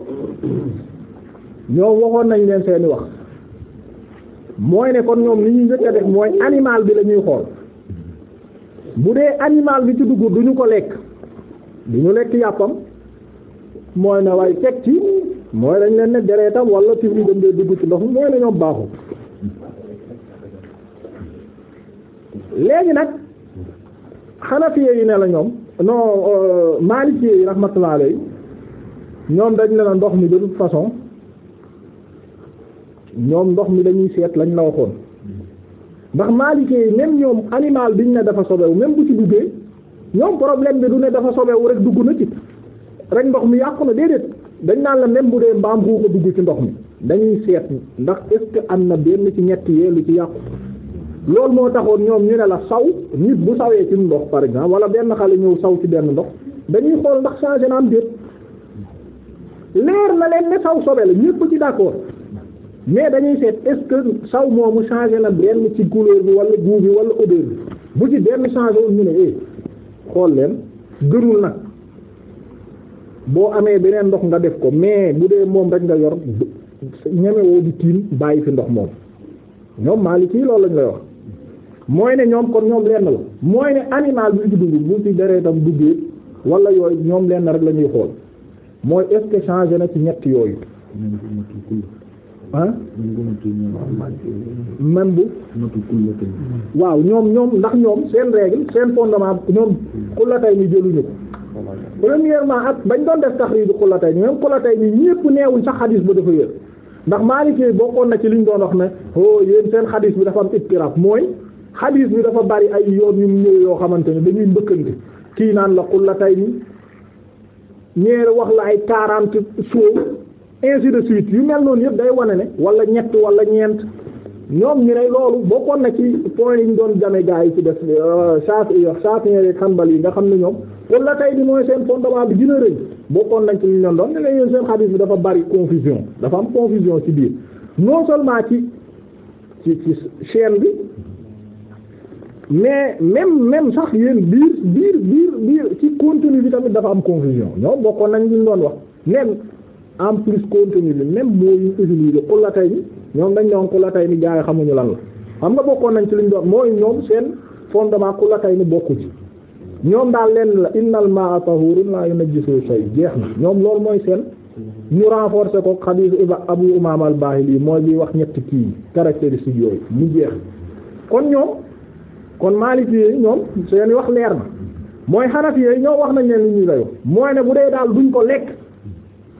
Speaker 1: ñoom waxoon nañ leen seeni wax mooy ne kon ñoom li ñuy njëkk a def mooy animal bi lañuy xool bu dee animal bi ci dugg duñu ko lekk duñu lekk yàppam mooy na waaye teg ci mooy dañ leen ne deretam wala ci li dem dee dugg ci ndox mooy ne ñoom baaxul léegi nag xanafiye yi ne la ñoom non euh, maalikiye yi rahmatullah alayhi ñoom dañ ne ndox mi de façon ñoom ndox mi dañuy seet lañu la waxoon ndax maalikee même ñoom animal biñ ne dafa sobewu même bu ci duggee ñoom problème bi du ne dafa sobewu rek dugg na ci rek ndox mi yàqu na déedéet dañ naan la même bu dee mbaam xuux a dugg ci ndox mi dañuy seet ndax est ce am na benn ci ñetti yee lu ci yàqu loolu moo taxoon ñoom ñu ne la saw nit bu sawee ci ndox par exemple wala benn xale ñëw saw ci benn ndox dañuy xool ndax changé na am déet leer na leen ne saw sobe la ñépp mais dañuy seet est-ce saw moomu changé na benn ci couleur bi wala goût bi wala odeur bi bu ci benn changé woon ñu ne eh, xool leen gërul nag boo amee beneen ndox nga def ko mais bu dee moom rek nga yor ñemewoo di tiim bàyyi fi ndox moom ñoom ci loolu lañ lay wax mooy ne ñoom kon ñoom lenn la mooy ne animal bi ci dugg bu ci deretam duggee wala yooyu ñoom lenn rek la ñuy xool mooy est-ce changé na ci ñett yooyu. ah même bu waaw ñoom ñoom ndax ñoom seen règle seen fondement ñoom xullatay ni jëluñu ko premièrement ak bañ doon def taxriiju xullatay ni même xullatay ni ñépp neewuñ sax xadis ba dafa yër ndax Maalikee bokkoon na ci liñ doon wax ne oh yéen seen xadis bi dafa am ittiraf mooy xadis bi dafa bari ay yoon yu mu ñëw yoo xamante ne dañuy mbëkkante kii naan la xullatay ni ñeere wax la ay quarante soow ainsi de suite yu mel noonu yëpp day wane ne wala ñett wala ñeent ñoom ñu ne loolu bokkoon na ci point yi ñu doon jame gaa yi ci def euh, Shafi'i yi Shafi'i yi yi nga xam ne ñoom wala tay bi mooy seen fondement bi gën a rëy bokkoon nañ ci ñu ñoon doon ne la seen xadiis bi dafa bari confusion dafa am confusion ci biir non seulement ci ci ci chaîne bi mais même même sax yéen biir biir biir biir ci continue bi tamit dafa am confusion ñoom bokkoon nañ ñu doon en plus contenu bi même moo yu utilisé xulatay ni ñoom dañ ne woon xulatay ni jaay xamuñu lan la xam nga bokkoon nañ ci liñ doon mooy ñoom seen fondement xulatay ni bokku ci ñoom daal leen la innal ma'a tahurun la yunajjisu shay jeex na ñoom loolu mooy seen ñu renforcer ko xadiis Abu Umaama al-Baahili mooy bi wax ñetti kii caractéristiques yooyu mu jeex kon ñoom kon Maliki yi ñoom seen wax leer na mooy Hanafi yi ñoom wax nañ leen li ñuy ne bu dee daal duñ ko lekk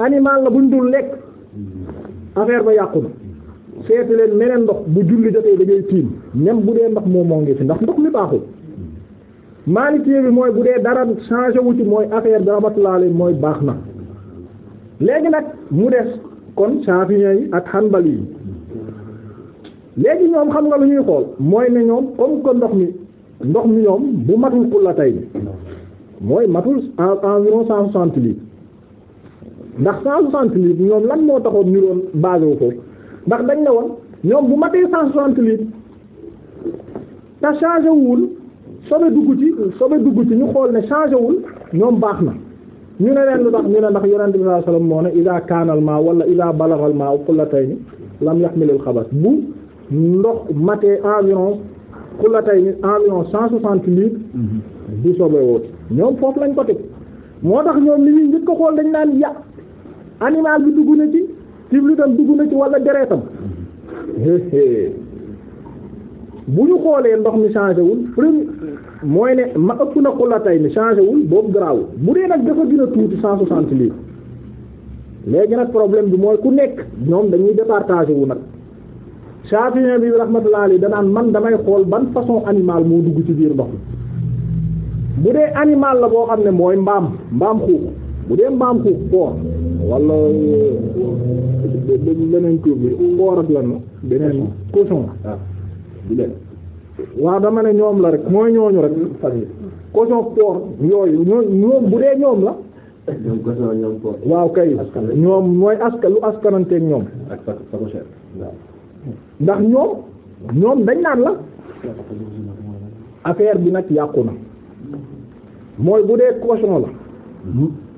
Speaker 1: animal la buñ dul lekk affaire ba yàqu na seeti leen meneen ndox bu julli jotee da ngay tiim bu dee ndox moom moo ngi fi ndax ndox mi baaxul maalikee bi mooy bu dee dara changé wu ci mooy affaire bi rahmatullah alayhi mooy baax na léegi nag mu des kon Shafi'i yi ak Hanbali yi léegi ñoom xam nga lu ñuy xool mooy ne ñoom comme que ndox mi ndox mi ñoom bu matul xulla tey bi mooy matul environ cent soixante litres ndax cent soixante litres ñoom lan moo taxoon ñu doon basé wu foofu ndax dañ ne woon ñoom bu matee cent soixante litres te changé wul sobe dugg ci sobe dugg ci ñu xool ne changé wul ñoom baax na ñu ne leen lu tax ñu ne ndax yonent bi sallallahu alayhi wasallam moo ne ida kaanal maa wala ida balagal maa xulatayni lam yaxmilil xabas bu ndox matee environ xulatayni environ cent soixante litres mhm. du sobe woot ñoom foofu lañ ko teg moo tax ñoom li ñuy njëkk ko animal bi dugg na ci tiblitam dugg na ci wala deretam bu ñu xoolee ndox mi changé wul premier mooy ne ma ëpp na ko la tay ni changé wul boobu garaawul bu dee nag dafa gën a tuuti cent soixante litres léegi nag problème bi mooy ku nekk ñoom dañuy départagé wu nag Shafi'i bi rahmatullah alayhi danaan man damay xool ban façon animal moo dugg ci biir ndox mi bu dee animal la boo xam ne mooy mbaam mbaam xuux bu dee mbaam xuux koor wala euh, beneen tur bi koor ak lan beneen cochon ah. waaw dama ne ñoom la rek mooy ñooñu rek cochon koor yooyu ñoom bu dee ñoom la waaw kay ñoom mooy aska lu askananteeg ñoom ndax ñoom ñoom dañ naan la affaire bi nag yàqu na mooy bu dee cochon la hmm?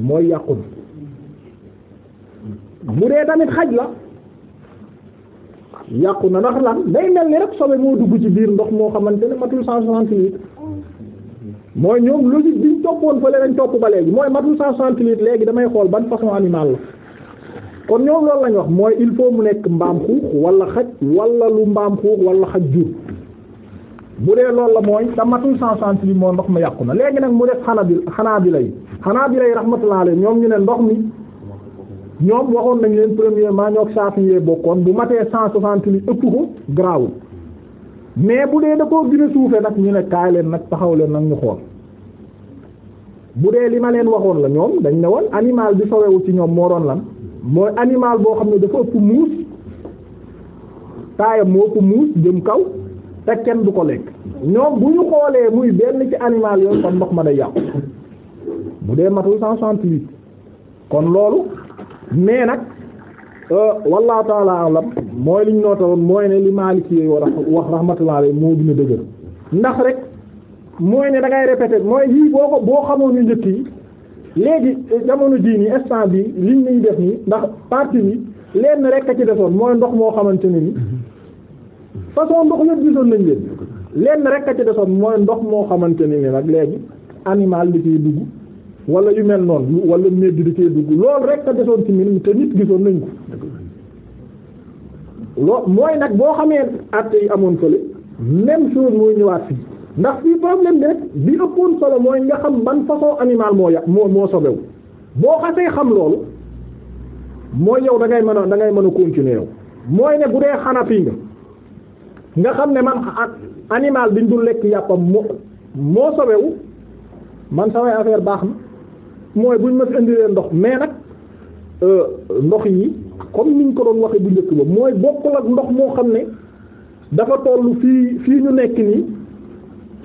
Speaker 1: mooy yàqu na bu dee tamit xaj la yàqu na ndax lan day mel ni rek sobe moo dugg ci biir ndox moo xamante ne matul cent soixante litres mooy ñoom logique biñ toppoon fële lañ topp ba léegi mooy matul cent soixante litres léegi damay xool ban façon animal la kon ñoom loolu lañ wax mooy il faut mu nekk mbaam xuux wala xaj wala lu mbaam xuux wala xaj jur bu dee loolu la mooy te matul cent centime moo ndox mi yàqu na léegi nag mu def xanaa bi xanaa bi lay xanaa bi lay rahmatullah ñoom ñu ne ndox mi ñoom waxoon nañ leen premièrement ñoo saafi yee bokkoon bu matee cent soixante li ëpp ko grawul mais bu dee da koo gën a nag ñu ne kaay leen nag taxaw leen nag ñu xool bu dee li ma leen waxoon la ñoom dañ ne woon animal bi sowewu ci ñoom moo doon lan mooy animal boo xam ne dafa ëpp muus taayam moo ëpp muus kaw te kenn du ko lekk ñoom bu ñu xoolee muy benn ci animal yooyu kon ndox ma day yàqu bu dee matul cent soixante-huit kon loolu mais nag euh, wallahu taala alam mooy liñ noota woon mooy ne li Maalik yi wax wax rahmatullah alayhi moo gën a dëgër ndax rek mooy ne da ngay répéter boo ko boo xamoon ñu njëkk yi léegi jamono jii nii instant bi liñ niñ def nii ndax partie bi lenn rek a ci desoon mooy ndox moo xamante ne nii façon ndox yëpp gisoon nañ leen lenn rek a ci desoon mooy ndox moo xamante ni nag léegi animal di ciy dugg wala yu mel noonu wala médd di ciy dugg loolu rek a desoon ci min te nit gisoon nañ ko loo mooy nag boo xamee at yi amoon fële même chose mooy ñëwaat fii ndax fii problème bi bi ëppoon solo mooy nga xam ban façon animal moo ya moo moo sobewu boo xasee xam loolu mooy yow da ngay mën a da ngay mën a continuer yow mooy ne bu dee xanafi nga nga xam ne man ak animal biñ ñu lekk yàppam moo moo sobewu man samay affaire baax na mooy buñ ma fi indilee ndox mais nag euh, ndox yi comme niñ ko doon waxee bu njëkk ba mooy bokkul ak ndox moo xam ne dafa tollu fii fii ñu nekk nii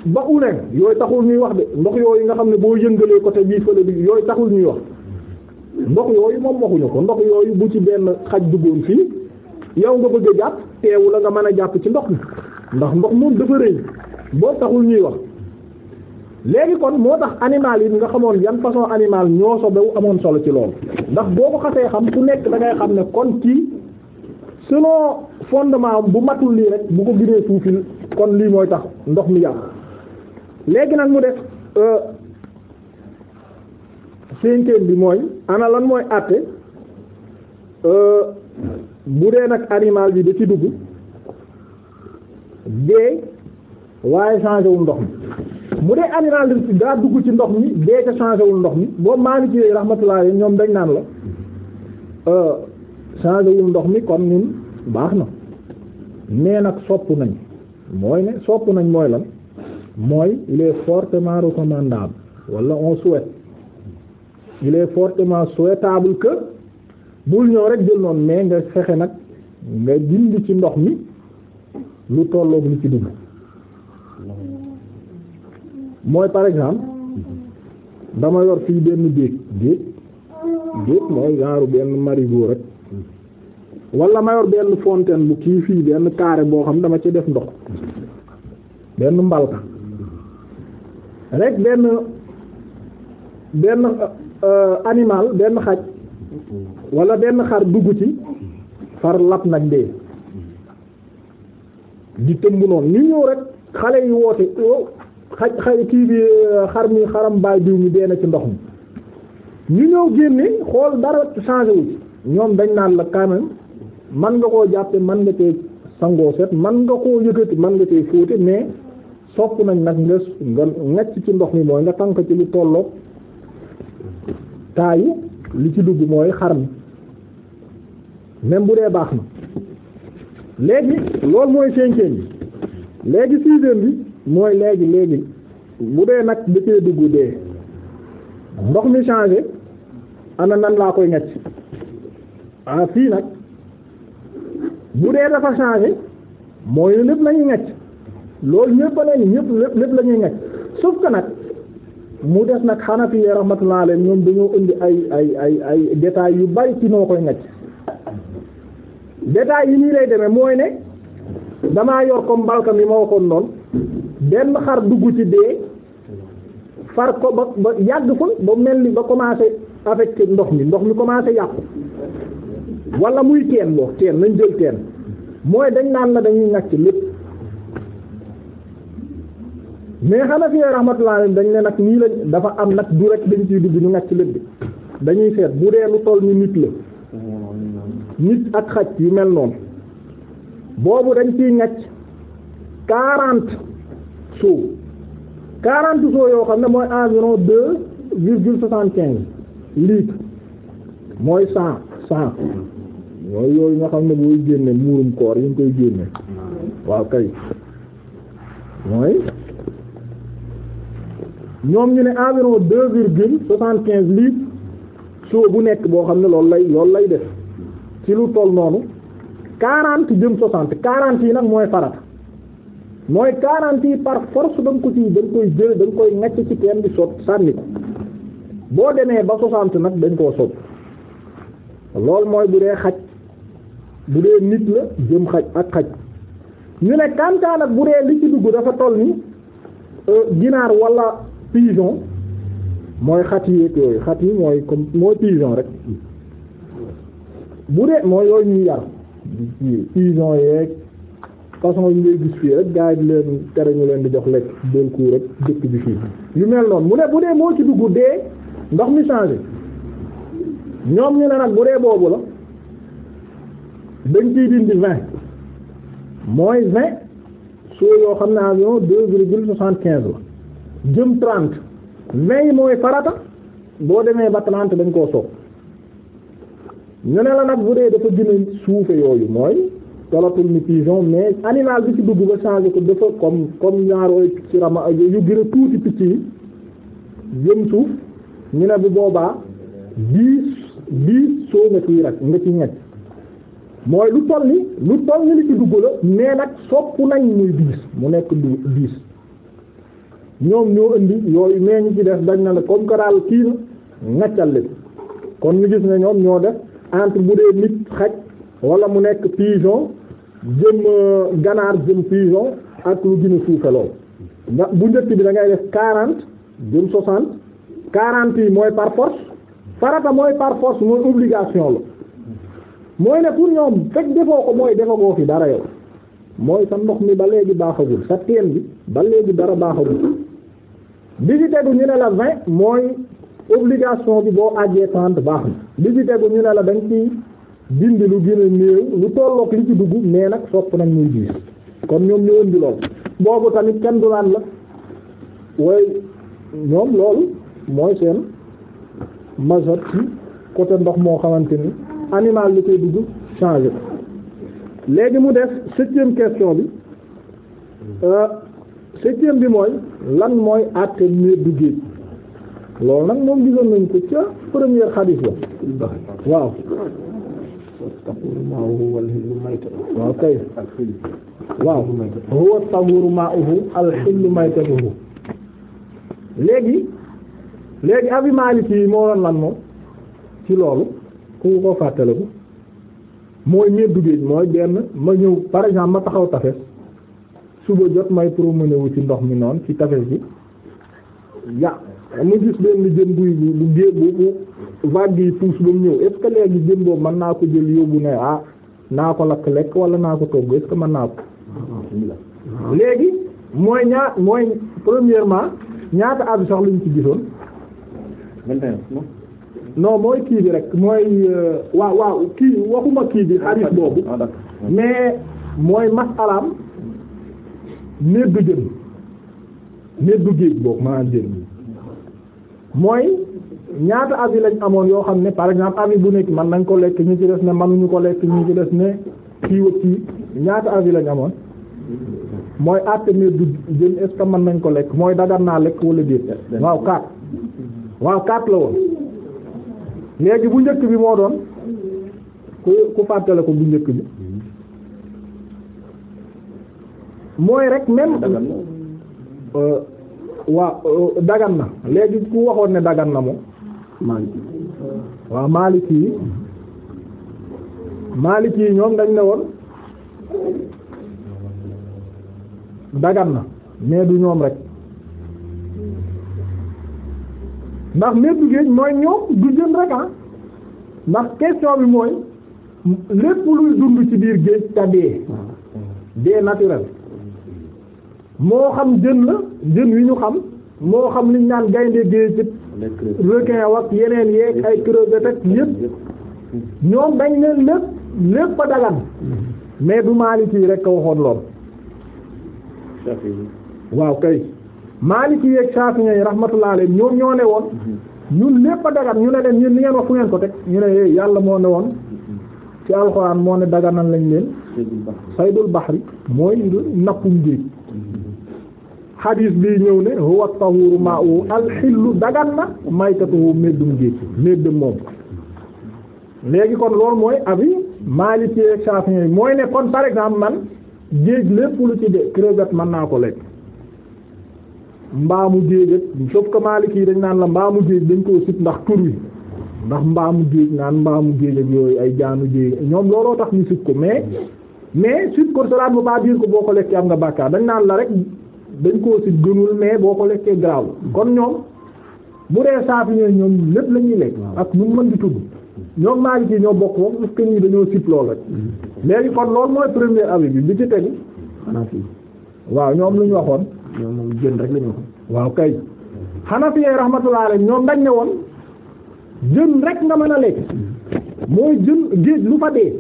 Speaker 1: ba unen yooyu taxul ñuy wax de ndox yooyu nga xam ne boo yëngalee côté bii fële bi yooyu taxul ñuy wax ndox yooyu moom waxuñu ko ndox yooyu bu ci benn xaj duggoon fii yow nga bëgg a jàpp teewu la nga mën a jàpp ci ndox mi ndax ndox moom dafa rëy boo taxul ñuy wax léegi kon moo tax animal yi nga xamoon yan façon animal ñoo sobewu amoon solo ci loolu ndax boo ko xasee xam ku nekk da ngay xam ne kon kii selon fondement bu matul lii rek bu ko ginee suufil kon lii mooy tax ndox mi yàqu léegi nag mu def euh, cinquième bi mooy ana mooy àtte euh, bu dee nag animal bi di ci dugg dee waaye changé wul ndox mi bu dee animal bi daa dugg ci ndox mi dee ca changé wul ndox mi boobu Maliki yi rahmatullah ñoom dañ naan la euh, changé wul ndox mi kon ñun baax na mais nag sopp nañ mooy ne sopp nañ mooy lan mooy il est fortement recommandable wala on souhaite il est fortement souhaitable que bul ñoo rek jël noonu mais nga fexe nag nga dindi ci ndox mi lu tolloog li ci dugg mooy par exemple dama yor fii benn déeg déeg déeg mooy genre benn marigot rek wala ma yor benn fontaine bu kii fii benn carré boo xam dama ci def ndox benn mbalka rek benn benn euh, animal benn xaj wala benn xar dugg ci far lap nag dee di tëmb noonu ñu ñëw rek xale yi woote oh xaj xaj kii bi euh, xar mi xaram baay diw mi dee na ci ndox mi ñu ñëw génne xool dara changé wu ñoom dañ naan la quand même man nga koo jàppe man nga cee sangoo set man nga ko yëkkati man nga cee fóote mais sopp nañ nag nga nga ci ndox mi mooy nga tànk ci lu tolloog taayu li ci dugg mooy xar mi même bu dee baax na léegi loolu mooy cinquième bi léegi sixième bi mooy léegi léegi bu dee nag da cee dugg dee ndox mi changé ana nan laa koy ñacc ah fii nag bu dee dafa changé mooy lépp la ñuy ñacc loolu ñëpp a leen ñëpp lépp lépp lañuy ñuy ñacc sauf nag. mu des nag xanafi yi rahmatullah alayhi ñoom dañoo indi ay ay ay ay détails yu bari ci noo koy ngacc détails yi nii lay demee mooy ne damaa yor comme balka mi ma waxoon noonu benn xar dugg ci dee far ko ba ba yàgg fa ba mel ni ba commencé affecté ndox mi ndox mi commencé yàqu walla muy teen boo teen nañ jël teen mooy dañ naan la dañuy ngacc lépp mais Hanafi rahmatullah dañu ne nag nii lañ dafa am nag du rek dañ ciy dugg ñu ngàcc lépp dañuy seet bu dee lu toll ni nit la nit ak xaj yu mel noonu boobu dañ ciy ngàcc quarante sous quarante sous yoo xam ne mooy environ deux virgule soixante quinze litres mooy cent cent yooyu yooyu nga xam ne booy génne muurum koor yi ñu koy génne mm. waaw kay mooy ñoom ñu ne environ deux virgule soixante quinze litres soo bu nekk boo xam ne loolu lay loolu lay def ci lu toll noonu quarante jëm soixante quarante yi nag mooy farata mooy quarante yi par force ba nga ko ci dañ nga koy jël da koy nekk ci teen di sot sànni ko boo demee ba soixante nag dañ koo sot loolu mooy bu dee xaj bu dee nit la jëm xaj ak xaj ñu ne kantaan ak bu dee li ci dugg dafa toll ni euh, ginaar wala pigeon mooy xat yi ak yooyu xat yi mooy comme mooy pigeon rek bu dee mooy yooyu ñuy yar pigeon yeeg façon yi ngay gis fii rek gars yi di leen tere ñu leen di jox lekk del ko rek dëkk bi fii yu mel noonu mu ne bu dee moo ci dugg dee ndox mi changé ñoom ñu ne nag bu dee boobu la dañ ciy dindi vingt mooy vingt soo yoo xam ne environ deux virgule soixante quinze la jëm trente vingt yi mooy farata boo demee ba trente dañ koo sopp ñu ne la nag bu dee dafa gën a suufe yooyu mooy tolatul ni pigeon mais animal bi ci dugg ba changer ko dafa comme comme ñaarooy picc rama yu gën a tuuti picc yi jëm suuf ñu ne bu boobaa dix dix soo nga ciy rek nga ci ñett mooy lu toll ni lu toll ni li ci dugg la mais nag sopp nañ muy dix mu nekk dix ñoom ñoo indi yooyu mais ñu ci def dañ na la comme que daal kii na ngaccal leen kon ñu gis ne ñoom ñoo def entre bu dee nit xaj wala mu nekk pigeon jëm euh, ganaar jëm pigeon ak lu gën a suufe bu njëkk bi da ngay def quarante jëm soixante quarante yi mooy par force farata mooy par force mooy obligation la mooy ne pour ñoom fekk defoo ko mooy defagoo fi dara yow mooy sa ndox mi ba léegi baaxagul sa teen bi ba léegi dara baaxagul bi ci tegu ñu ne la vingt mooy obligation bi boo àggee trente baax na bi ci tegu ñu ne la dañ ci dindi lu gën a néew lu tollook li ci dugg mais nag sopp nañ muy diis kon ñoom ñu indi lool boobu tamit kenn du naan la way ñoom loolu mooy seen mazot ci côté ndox moo xamante ni animal li koy dugg changé ko léegi mu def septième question bi. Euh, septième bi mooy lan mooy àtte mer du géej loolu nag moom gisoon nañ ko ca première xadiis la waaw huwa tahuru ma'uhu léegi léegi abi maliki moo lan moom ci loolu ku ko fàttaliku mooy meddu géej mooy benn ma ñëw par exemple ma taxaw tafes suba jot may promené wu ci ndox mi noonu ci tafes bi ya ma gis benn jën buy bu bu géej bu vague yi puus ba mu ñëw est léegi jën boobu mën naa ko jël yóbbu ne ah naa ko lakk lekk wala naa ko togg est que mën naa ko léegi mooy ñaar mooy premièrement ñaata at sax luñ ci gisoon non mooy kii bi rek mooy euh, waaw kii waxuma kii bi xarit ah, boobu ah, mais mooy masalaam néegu jën néegu géej boobu maanaam jën mooy ñaata avis lañ amoon yoo xam ne par exemple avis bu nekk man nañ ko lekk ñu ci des ne man nañu ko lekk ñu ci des ne kii wa kii ñaata avis lañ amoon mooy àtte néegu jën est-ce mën nañ ko lekk mooy dagar naa lekk wala déet waaw kaat waaw kaat la woon léegi bu njëkk bi moo doon ku ku fàttale ko bu njëkk bi mooy rek même euh, waa euh, dagan na léegi ku waxoon ne dagan na moom maliki waaw maliki yi malit yi ñoom dañ ne woon dagan na mais du ñoom rek ndax méttu géej mooy ñoom du jën rek ah. ndax question bi mooy lépp luy dund ci biir géej ta dee ah. dee naturel moo xam jën la jën wi ñu xam moo xam liñ naan gaynde géej cib requin wax yeneen yeeg ay crevette ak yëpp ñoom dañ leen lépp lépp a dagan mais du Maliki yi rek a waxoon lool waaw kay Maliki yeeg Shafi'i yi rahmatullah alayhi ñoom ñoo ne woon mhm. ñu lépp a dagan ñu ne leen ñun li ngeen wax fu ngeen ko teg ñu ne eh, yàlla moo ne woon mhm. ci alxuraan moo ne daganal lañ leen saydul baxri mooy nappum géej xadiis bi ñëw ne huwa tahuru ma'u alxillu dagan na maytatuhu méddum géej méddum moom léegi kon loolu mooy abi Maliki ak Shafi'i mooy ne kon par exemple man géej lépp lu ci de crevette man naa ko lekk mbaamu géej sauf que Maliki yi dañ naan la mbaamu géej dañ koo sib ndax tur wi ndax mbaamu géej naan mbaamu géej ak yooyu ay jaanu géej ñoom looloo tax ñu sib ko mais mais sib ko cela ne veut pas ko boo ko lekkee am nga bàkkaar dañ naan la rek dañ koo si gënul mais boo ko lekkee garaaw kon ñoom bu dee saafiñee ñoom lépp la ñuy lekk ak ñu mën di tudd ñoom maa ngi ci ñoo bokk moom parce que ñii dañoo sip lool rek mm-hmm. léegi kon loolu mooy première avis bi bi ci tegu Hanafi waaw ñoom lu ñu waxoon ñoom moom jën rek la ñu waxoon waaw kay Hanafi yi rahmatullah alayhi ñoom dañ ne woon jën rek nga mën a lekk mm-hmm. mooy jën géej lu fa dee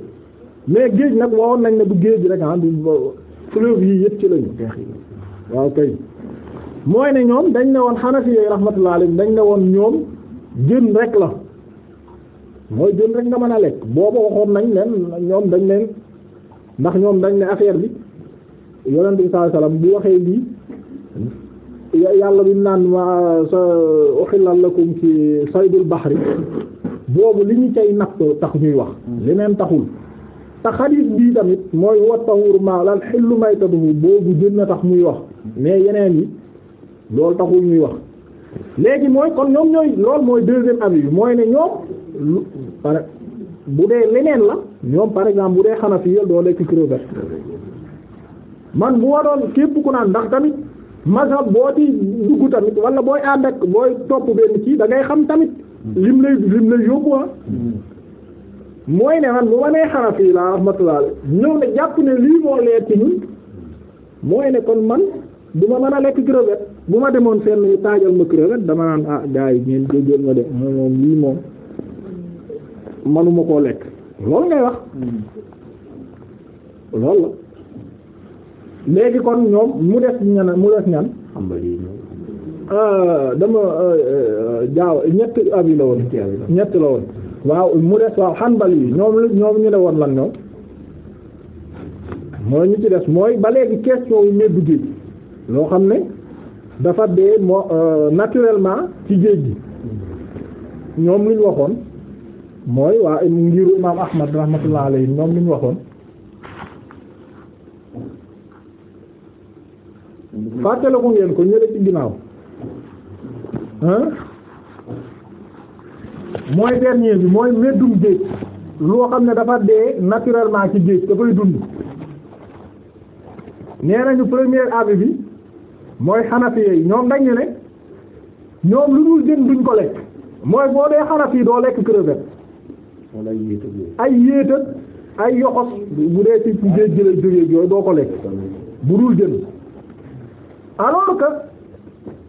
Speaker 1: mais géej nag waxoon nañ ne bu géej rek ah du fleuve yi yëpp ci lañu waaw kay mooy ne ñoom dañ ne woon Hanafi yooyu rahmatullahi alayhim dañ ne woon ñoom jën rek la mooy jën rek nga mën a lekk boobu waxoon nañ leen ñoom dañ leen ndax ñoom dañ ne affaire bi yonent bi sallallahu alayhi wasallam bu waxee lii yàlla bi naan ma sa uxilla lakum ci saydul baxri boobu li ñu cay napp tax ñuy wax leneen taxul te xadiis bii tamit mooy wa tahur ma lal xillu maytatuhu boobu jën na tax muy wax mais yeneen yi loolu taxul ñuy wax léegi mooy kon ñoom ñooy loolu mooy deuxième avis bi mooy ne ñoom par bu dee leneen la ñoom par exemple bu dee Hanafi yi doo lekk crevette man bu waroon képp ku naan ndax tamit mazhab boo ci dugg tamit wala booy ànd ak booy topp benn ci da ngay xam tamit lim lay lim lay yóbbu ah mooy ne man bu ma nee yi la rahmatullah ñëw ne jàpp ne lii moo leer ci ñun mooy ne kon man du ma mën a lekk crevette bu ma demoon fenn ñu taajal ma crevette dama naan ah gars yi ngeen jéggal ma de moom lii moom manuma koo lekk loolu ngay wax hmm. loolu la léegi kon ñoom mu des ñan mu des ñan xam nga lii ah, dama ah, ah, jaaw ñett abi la woon ñett la woon waaw mu des waaw xanbal yi ñoom ñoom ñu ne woon lan ñoom mooy ñu ci des mooy ba léegi question yu meddu géej loo xam ne dafa dee moo euh, naturellement ci géej gi ñoom lu waxoon mooy waa ngiru imaam Ahmad rahmatullah alayhi ñoom lu ñu waxoon fàttaliku ngeen ko ñële ci ginnaaw mooy dernier bi mooy meddum géej loo xam ne dafa dee naturellement ci géej dafay dund nee nañu premier avis bi mooy xanafi yi ñoom dañ ne ñoom lu dul jën duñ ko lekk mooy boo dee xanafi doo lekk crevette wala ay yéet ay yoxos bu dee ci géej gi lay jógee yooyu doo ko lekk bu dul jën alors que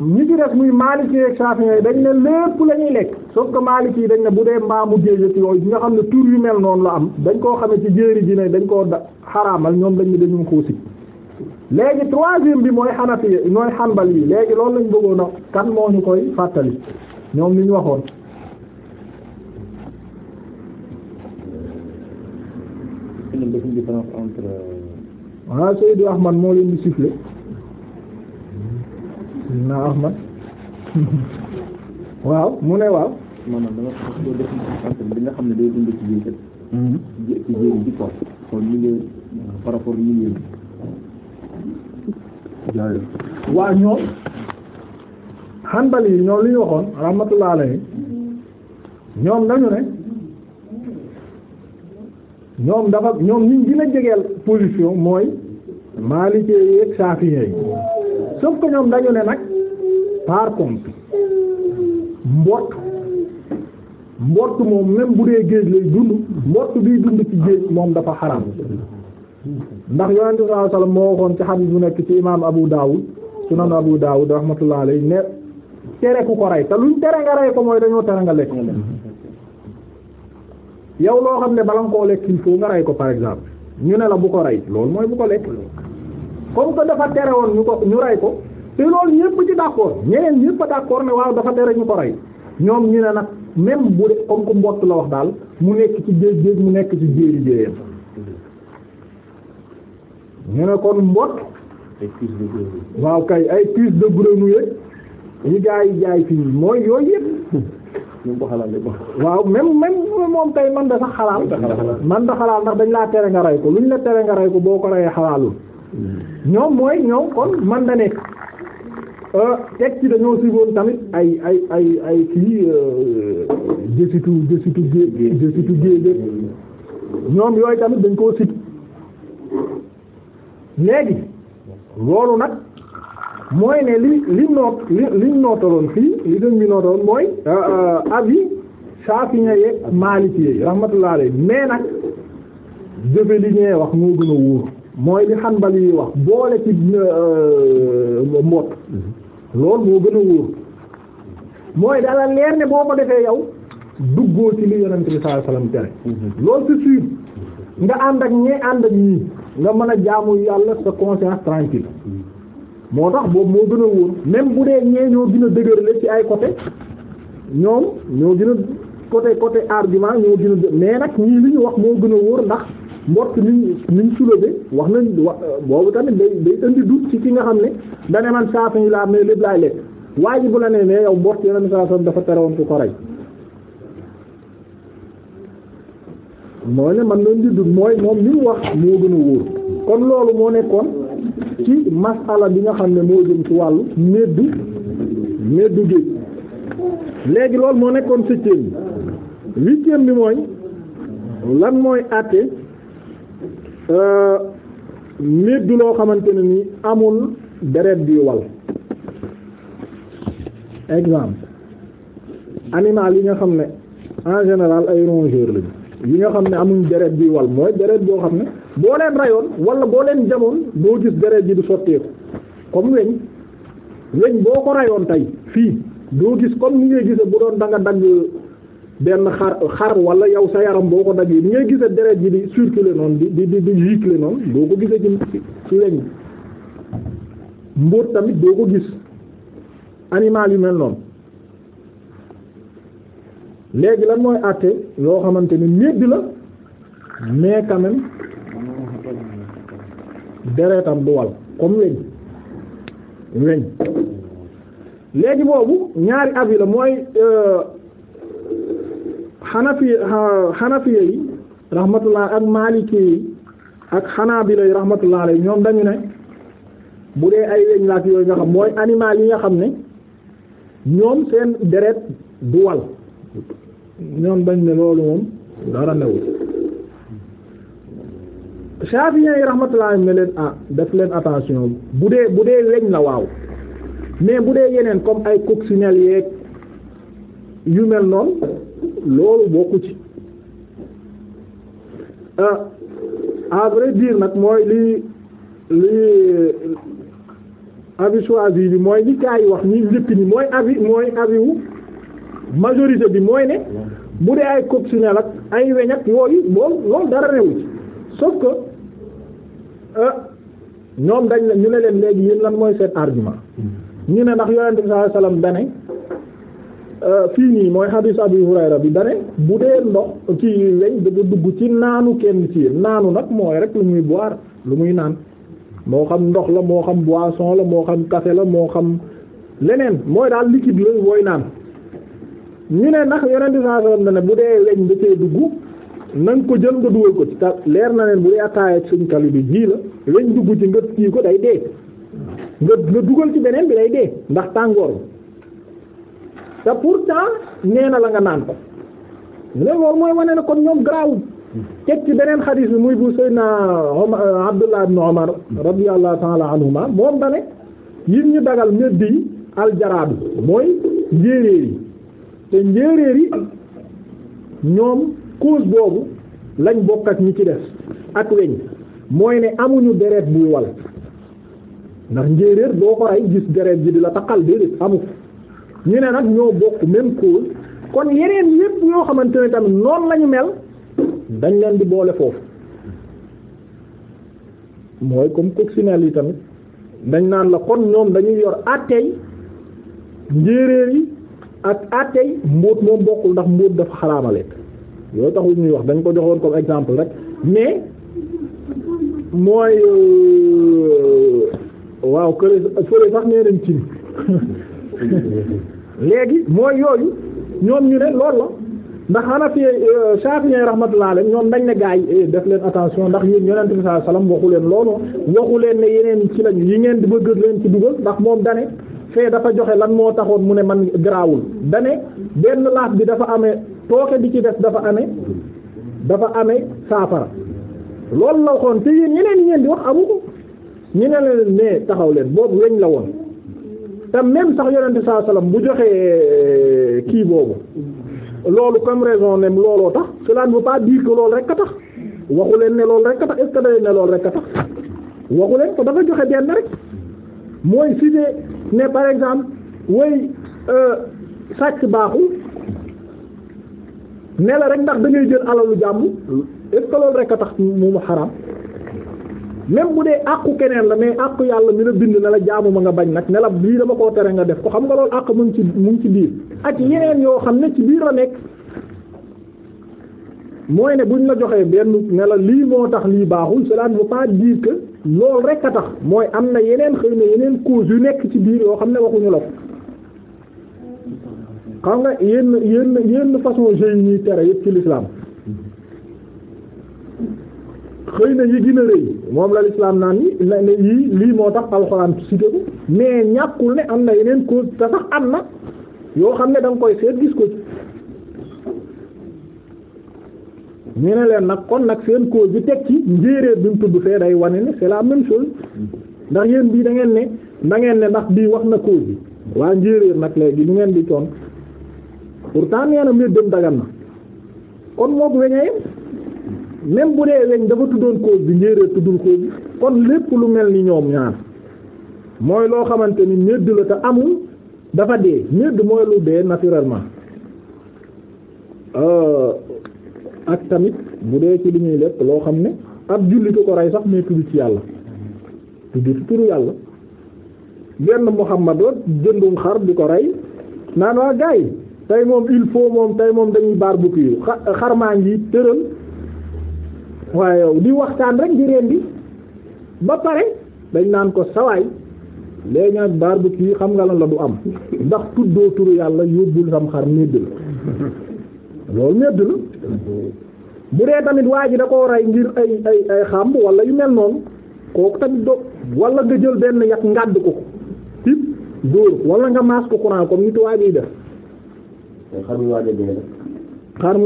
Speaker 1: ñi ci des muy Maliki ak Shafi'i dañ ne lépp la ñuy lekk sauf que Maliki yi dañ ne bu dee mbaamu géej ak yooyu ñi xam ne tur yu mel noonu la am dañ koo xamee ci jéeri ji ne dañ koo xaraamal ñoom dañ ne dañu ko si. léegi troisième bi mooy xanafi ñooy xanbal yi léegi loolu lañ bëggoon a kan moo ñu koy fàttali ñoom ni ñu waxoon waa Seydou Ahmad moo leen di siffler na Ahmad waaw mu ne waaw maanaam dama ko def entre nga xam ne day dund ci waa ñoom xanbali yi ñoom li waxoon rahmatullah alayhi ñoom dañu ne ñoom dafa ñoom ñu gën a jegeel position mooy Maliki yi ak Shafi'i yi sauf que ñoom dañu ne nag par contre mbott mbott moom même bu dee géej lay dund mbott biy dund ci géej moom dafa xaram ndax yonente bi sallallahu alayhi wasallam moo waxoon ci xadiis bu nekk ci imaam Abu Dawud sunan Abu Dawud rahmatullahi alayhi ne tere ku ko rey te lu tere nga rey ko mooy dañoo tere nga lekk yow loo xam ne bala nga koo lekk nga rey ko par exemple ñu ne la bu ko rey lool mooy bu ko lekk comme que dafa tere woon ñu ko ñu rey ko te loolu ñépp ci d'accord ñeneen ñépp a d'accord ne waaw dafa tere ñu ko rey ñoom ñu ne nag même bu de comme que mbott la wax daal mu nekk ci géej géej mu nekk ci jéeri ñu ne kon mbott waaw kay ay puces de grenouille yi gaa yi jaay fii mooy yooyu yëpp waaw même même moom tey man da sax xalaal man da xalaal ndax dañ laa tere nga rey ko luñ la tere nga rey ko boo ko reyee xalaalul hmm. ñoom mooy ñoom kon man da nekk euh, teg ci dañoo sigoon tamit ay ay ay ay kii jësitu jësitu jësitu géegé ñoom yooyu tamit dañ koo sit léegi loolu nag mooy ne li li noot li li nootaloon fii li gën ñu nootaloon mooy euh, euh, avis Shafi'i yeeg Maliki yi rahmatullah alayhi mais nag jëfe li ñee wax moo gën a wóor mooy li Hanbali yi wax boole ci euh, mboot loolu moo gën a wóor mooy dala leer ne boo ko defee yow duggoo ci li yonent bi sallallahu alayhi wasallam tere mm-hmm. loolu c'est nga ànd ak ñee ànd ak ñii nga mën a jaamu yàlla sa conscience tranquille moo tax boobu moo gën a wóor même bu dee ñee ñoo gën a dëgërle ci ay côté ñoom ñoo gën a côté côté argument ñoo gën a mais nag ñii li ñu wax moo gën a wóor ndax mbott niñ niñ soulevé wax nañ wa boobu tamit day day indi doute ci ki nga xam ne dane man saafañu laa mais lépp laay lekk waa ji bu la nee ne yow mbott yeneen saa dafa terewoon ku ko rey mooy man loolu di dugg mooy moom li mu wax moo gën a kon loolu moo nekkoon ci masala bi nga xam ne moo jëm ci wàllu meddu meddu géej léegi moo nekkoon septième bi huitième bi mooy lan mooy àtte euh, meddu loo xamante ne ni amul deret bi wal exemple animal yi nga xam ne en général ay rongeurs lañu yi nga xam ne amuñ deret bi wal mooy deret boo xam ne boo leen rayoon wala boo leen jamoon boo gis deret ji di sotteeku comme weñ weñ boo ko rayoon tey fii doo gis comme ni ngay gise bu doon da dagg benn xar xar wala yow sa yaram boo ko daggee ni ngay gise deret ji di circuler noonu di di di di gicle noonu doo ko gise ci ci weñ mbóot tamit boo ko gis animal yu mel noonu léegi lan mooy àtte yoo xamante ni médd la mais quand même deretam du wal comme weñ weñ léegi boobu ñaari avis la mooy xanafi euh, xanafiya yi rahmatullah ak maliki yi ak xanaabila yi rahmatullah yi ñoom dañu ne bu dee ay weñ laak yooyu nga xam mooy animal yi nga xam ne ñoom seen deret du wal ñoom dañ ne loolu moom dara newul Shafi'i rahmatullah ne leen a ah, def leen attention bu dee bu dee weñ la waaw mais bu dee yeneen comme ay coccinelle yeeg yu mel noonu loolu bokku ci ah à nag mooy li li avis choisi bi mooy li gaa yi wax ñi lépp ni mooy avis mooy avis wu majorité bi mooy ne bu dee ay coccinelle ak ay weñ ak yooyu lool loolu dara ne ci sauf que euh, ñoom dañ ñu ne leen léegi yéen lan mooy seen argument ñu ne ndax yonente bi sallallahu alayhi euh, fii nii mooy hadis Abi Hurayra bi dane bu dee ndox ci weñ dafa dugg ci naanu kenn ci naanu nag mooy rek lu muy boire lu muy naan moo xam ndox la moo xam boisson la moo xam café la moo xam leneen mooy daal liquide la woy naan ñu ne ndax yonente saa sallam na ne bu dee weñ da cee dugg na ko jël nga dugal ko ci ta leer na leen bu dee attaaya suñ kali bi ji la weñ dugg ci nga kii ko day dee nga nga dugal ci beneen bi day dee ndax tàngoor te pourtant nee na la nga naan ko mu ne mooy wane ne kon ñoom garaawul teg ci beneen xadiis bi muy bu Seydina Abdullah ibn Umar radiyallahu ta'ala anhuma moom da ne yit ñu dagal meddi yi aljaraadu mooy njéeréer yi te njéeréer yi ñoom cause boobu lañ bokk ak ñi ci des ak weñ mooy ne amuñu deret buy wal ndax njéeréer boo ko rey gis deret yi di la taqal déedéet amu ñu ne nag ñoo bokk même cause kon yeneen yépp yoo xamante ne tamit noonu lañu mel dañ leen di boole foofu mooy comme coccinelle yi tamit dañ naan la kon ñoom dañuy yor àtteey njéeréer yi ak attey mbóot moom bokkul ndax mbóot dafa xaraama lekk yooyu taxul ñuy wax dañ ko joxoon comme exemple rek mais mooy euh, waaw këre fëre sax nee nañ cin léegi mooy yooyu ñoom ñu ne loolu la ndax Hanafi euh, Shafi'i rahmatullah alayhi ñoom dañ ne gaay eh, def leen attention ndax yéen yonent bi sallallahu alayhi wasallam waxu leen loolu waxu leen ne yeneen ci lañu yi ngeen di bëgg leen ci dugal ndax moom dane fee dafa joxe lan moo taxoon mu ne man garaawul dane benn laaf bi dafa amee tooke bi ci des dafa amee dafa amee saafara loolu la waxoon te yéen ñeneen ñeen di wax amu ko ñu ne leen taxaw leen boobu weñ la woon te même sax yonente saa sallam bu joxee euh, kii boobu loolu comme raison ne looloo tax cela ne veut pas dire que loolu rek a tax waxu leen ne loolu rek a tax est-ce que ne loolu rek a tax waxu leen ko dafa joxe benn rek mooy sujet ne par exemple way euh, sàcc baaxul ne la rek ndax da ngay jël alalu jàmm est-ce que loolu rek a tax mu mu xaram même bu dee àqu keneen la mais àqu yàlla mi la bind na la jaamu ma nga bañ nag nela bii dama koo tere nga def ko xam nga loolu àq mu ngi ci mu ci biir ak yeneen yoo xam ne ci biir la nekk. mooy ne buñ la joxee benn ne la lii moo tax lii baaxul cela ne veut pas dire que loolu rek a tax mooy am na yeneen xëy na yeneen cause yu nekk ci biir yoo xam ne waxuñu la ko xam nga yenn yenn yenn façon jeu yi ñuy tere yëpp ci l'islam xëy na yi gën rëy moom la l'islam naan ni la ne yii lii moo tax alxuraan si ko mais ñàkkul ne am na yeneen cause te sax am na yoo xam ne da nga koy seet gis ko ñu ne leen nag kon nag seen cause bi teg ci njéeréer bi mu tudd fee day wane ne c'est la même chose ndax yéen bii da ne dangeen ngeen ne ndax bii wax na cause bi waa njéeréer nag léegi ñu ngeen di pour pourtant nee na méddam dagan na kon mook weñee même bu dee weñ dafa tuddoon cause bi njéeréer tuddul cause bi kon lépp lu mel ni ñoom ñaar mooy loo xamante ni médd la te amul dafa dee médd mooy lu dee naturellement euh, ak tamit bu dee ci li ñuy lépp loo xam ne ab julli ko ko rey sax mais tudd ci yàlla tudd turu yàlla benn Muhammad jëndum xar di ko rey naan waa gars yi moom il faut moom tey moom dañuy baar barbecue xar maa ngi tëral waaye yow di waxtaan rek di rendi ba pare dañ naan ko sawaay léegi nag barbecue xam nga lan la du am ndax tuddoo turu yàlla yóbbul sam xar nédd la loolu medd la bu dee tamit waa ji da koo rey ngir ay ay xàmb wala yu mel noonu kooku tamit do wala nga jël benn yàq ngàdd ko ko tip dóor wala nga maas ko courant comme nit waa jiy def xar muy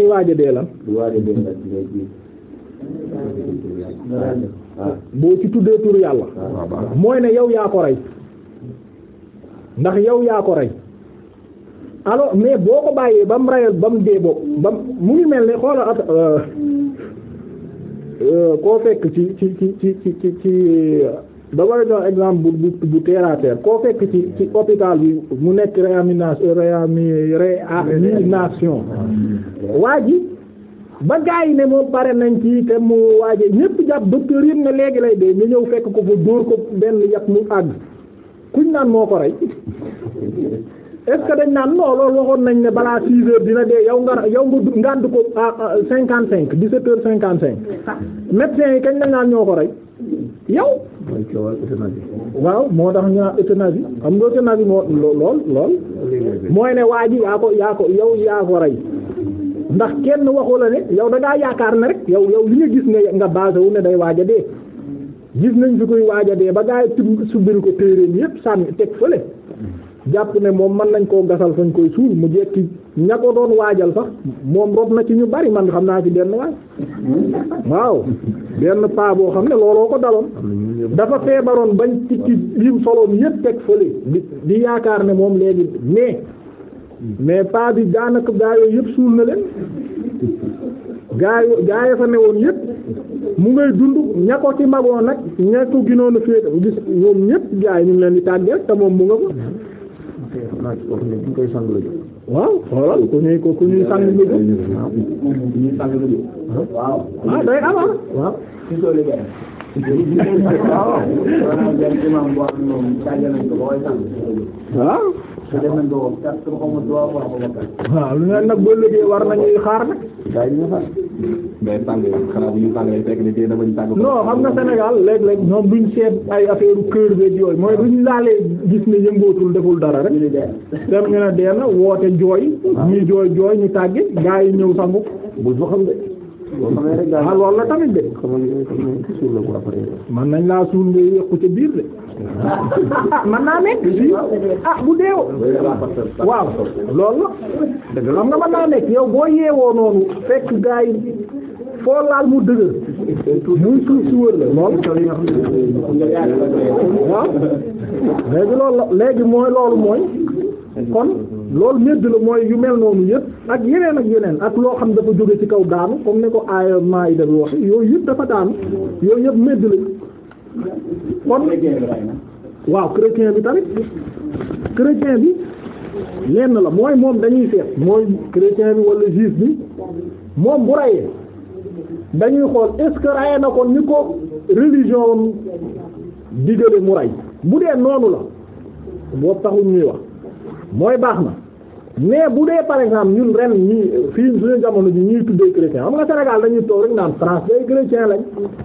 Speaker 1: waaja dee la boo ci tuddee tur yàlla ah, mooy ne yow yaa ko rey ndax yow yaa ko rey alors mais boo ko bàyyee ba mu rayal ba mu dee boobu ba mu ngi mel ni xoola at euh, euh, koo fekk ci ci ci ci ci ci da war a jox exemple bu bu terre à koo fekk ci ci hôpital bi mu nekk réanimation réanimation waa ji ba gars ne moom pare nañ ci te mu waaje ñépp jàpp docteur yëpp na léegi lay dee ñu ñëw fekk ko fa dóor ko benn yàq mu àgg kuñ naan moo ko rey est ce que dañ naan non loolu waxoon nañ ne balaa six heures dina dee yow nga yow nga ngàdd ko ah, ah, cinquante cinq dix sept heures cinquante cinq médecins yi kañ lañ naan ñoo ko rey yow waaw moo tax ñu euthanasie xam nga euthanasie moo lool lool mooy ne waa ji yaa ko yaa ko yow yaa ko rey ndax kenn waxu la ne yow da ngaa yaakaar ne rek yow yow li nga gis nga nga basé wu ne day waaj a dee gis nañ fi koy waaj a dee ba gaa yi subbil ko téeréen yépp sànni teg fële jàpp ne moom man nañ koo gasal fañ koy suul mu jekki ña ko doon waajal sax moom rob na ci ñu bari man xam naa ci benn waay waaw benn paa boo xam ne looloo ko daloon dafa feebaroon bañ tikki lim soloom yépp teg fële di yaakaar ne moom léegi mais mais paa bi daanaka gaa yooyu yépp suul na leen gaa yo- gaa ya fa woon yépp mu ngay dund ña ko ci magoon nag ña ko ginoon a gis ñoom ñépp gaa yi ñu ngi leen di tàggeel te moom mu nga ko naa ci wax ne ki koy sang la jóg waaw xoolal ku ñuy ku ñuy sang la jóg waaw waaw ah, day am ah. waaw waaw ah. waaw lu ne nag boo liggéey war nañuy xaar nag. gaa yi ñu xaar. mais tàng xanaa bu ñu tàngalee fekk ni tey dama ñu tàng. non xam nga Sénégal léeg-léeg ñoom duñ seet ay affaire kër beeg yooyu mooy duñ laalee gis ne yëngootul deful dara rek. dem ñu a dee na woote jooy. Ah. ñuy jooy jooy ñu tàgge gaa yi ñëw sangu. bu ah loolu la tamit de. man nañ laa suul ngay yëqu ca biir de. man naa nekk si ah bu deew waaw loolu la. dëgg la nga mën naa nekk yow boo yeewoo noonu fekk gaa yi foo laal mu dëgër muy suuf si wër la loolu waaw léegi léegi mooy loolu mooy kon. loolu medd la mooy yu mel noonu yëpp ak yeneen ak yeneen ak loo xam dafa jóge ci kaw daanu comme ni ko aaya Maayda bi wax yooyu yëpp dafa daanu yooyu yëpp medd la kon waaw chrétien bi tamit chrétien bi lenn la mooy moom dañuy seet mooy chrétien bi wala juif bi moom bu rayee dañuy xool est-ce que raye na ko ni ko religion digale mu ray bu dee noonu la boobu taxul ñuy wax mooy baax na mais bu dee par exemple ñun ren ñii fii suñu jamono ji ñuy tuddee chrétien xam nga Sénégal dañuy toog rek naan France day chrétien lañ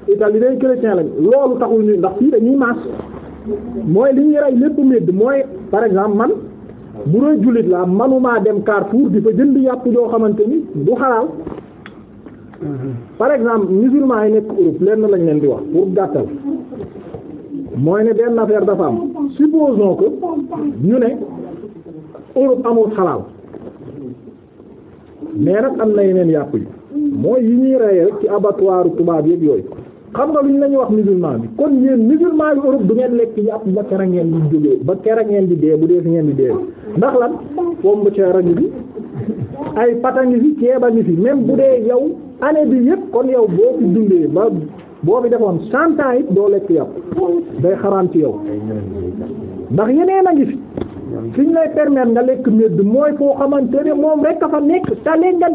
Speaker 1: Italie day chrétien lañ loolu taxul ñu ndax fii dañuy maas mooy li ñuy rey lépp médd mooy par exemple man bu doon jullit laa manuma dem Carrefour di fa jënd yàpp joo xamante ni du xalaal par exemple musulman yi nekk Europe lenn lañ leen di wax pour gàttal mooy ne benn affaire dafa am supposons que ñu ne. Europe amul xalaal mais nag am na yeneen yàpp yi mooy yi ñuy rey rek ci abattoiru tubaab yëpp yooyu xam nga lu ñu la ñu wax musulman bi kon yéen musulman yu Europe du ngeen lekk yàpp ba kera ngeen di jógee ba kera ngeen di dee bu dee fi ngeen di dee ndax lan pombe ceera ngi fi ay pata ngi fi ceeba ngi fi même bu dee yow année bi yépp kon yow boo fi dundee ba boo fi defoon cent ans doo lekk yàpp day xaraam ci yow ndax yeneen a ngi fi suñ lay permettre nga lekk medd mooy foo xamante moom rek a fa nekk ta leen nga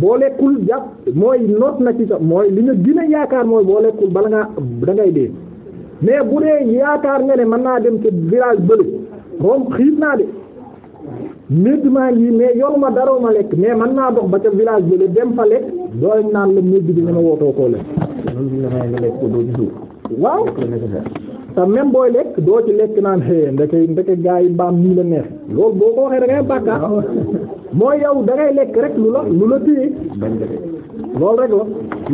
Speaker 1: boo lekkul jàpp mooy noot na ci sa mooy li nga gën a yaakaar mooy boo lekkul bala ngaa da ngay dee mais bu dee yaakaar nga ne mën naa dem ci village bële moom xiif naa de medd maa ngi mais yoruma dara ma lekk mais mën naa dox ba ca village bële dem fa lekk dooy naan la medd bi nga ma wootoo koo lekk. waaw te même booy lekk doo ci lekk naan xëy ndeke ndeke gaa yi mbaam nii la neex loolu boo ko waxee da ngay bàkkaar mooy yow dangay lekk rek lu la lu la téye lool rek la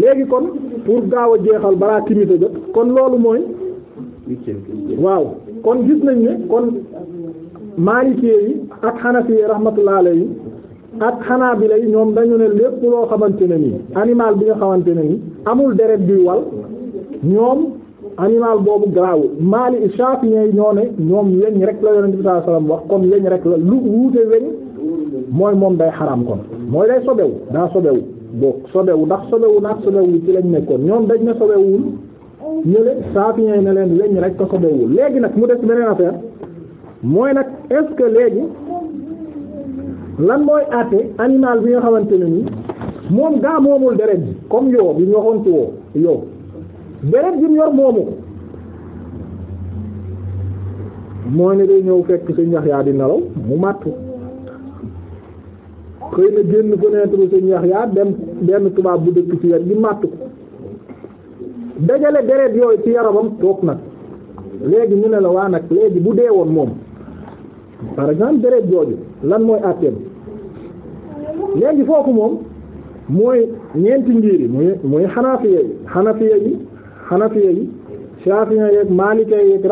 Speaker 1: léegi kon pour gaaw a jeexal balaa timit a jot kon loolu mooy waaw kon gis nañ ne kon maalikee yi ak xanafi yi rahmatullah alayhi ak xanaa bi lay ñoom dañu ne lépp loo xamante ne nii animal bi nga xamante ne nii amul deret buy wal ñoom animal boobu garaawul maali Shafi'i ñoo ne ñoom weñ rek la yonent bi sallallahu alayhi wax kon weñ rek la lu wuute weñ mooy moom day xaraam kon mooy day sobewu daa sobewu boo sobewu ndax sobewu naag sobewu ci lañ nekkoon ñoom dañ ne sobewul ñële yi ne leen weñ rek ko sobewul léegi nag mu des beneen affaire mooy nag est-ce que léegi lan mooy àtte animal bi nga xamante ne ni moom gaa moomul deret bi comme yoo bi ñu waxoon ci woo yoo deret jim yor moomu moo ne day ñëw fekk sëñ Yaxya di nelaw mu màtt xëy na génn fenêtre bi sëñ Yaxya dem benn tubaab bu dëkk ci wet gi màtt ko dajale deret yooyu ci yaramam toog nag léegi ñu ne la waa nag léegi bu dee woon moom par exemple deret jooju lan mooy àtteem léegi foofu moom mooy ñeenti ngir yi muy muy xanafiya yi xanafiya yi xanafiya yi shafiya yeeg malika yeeg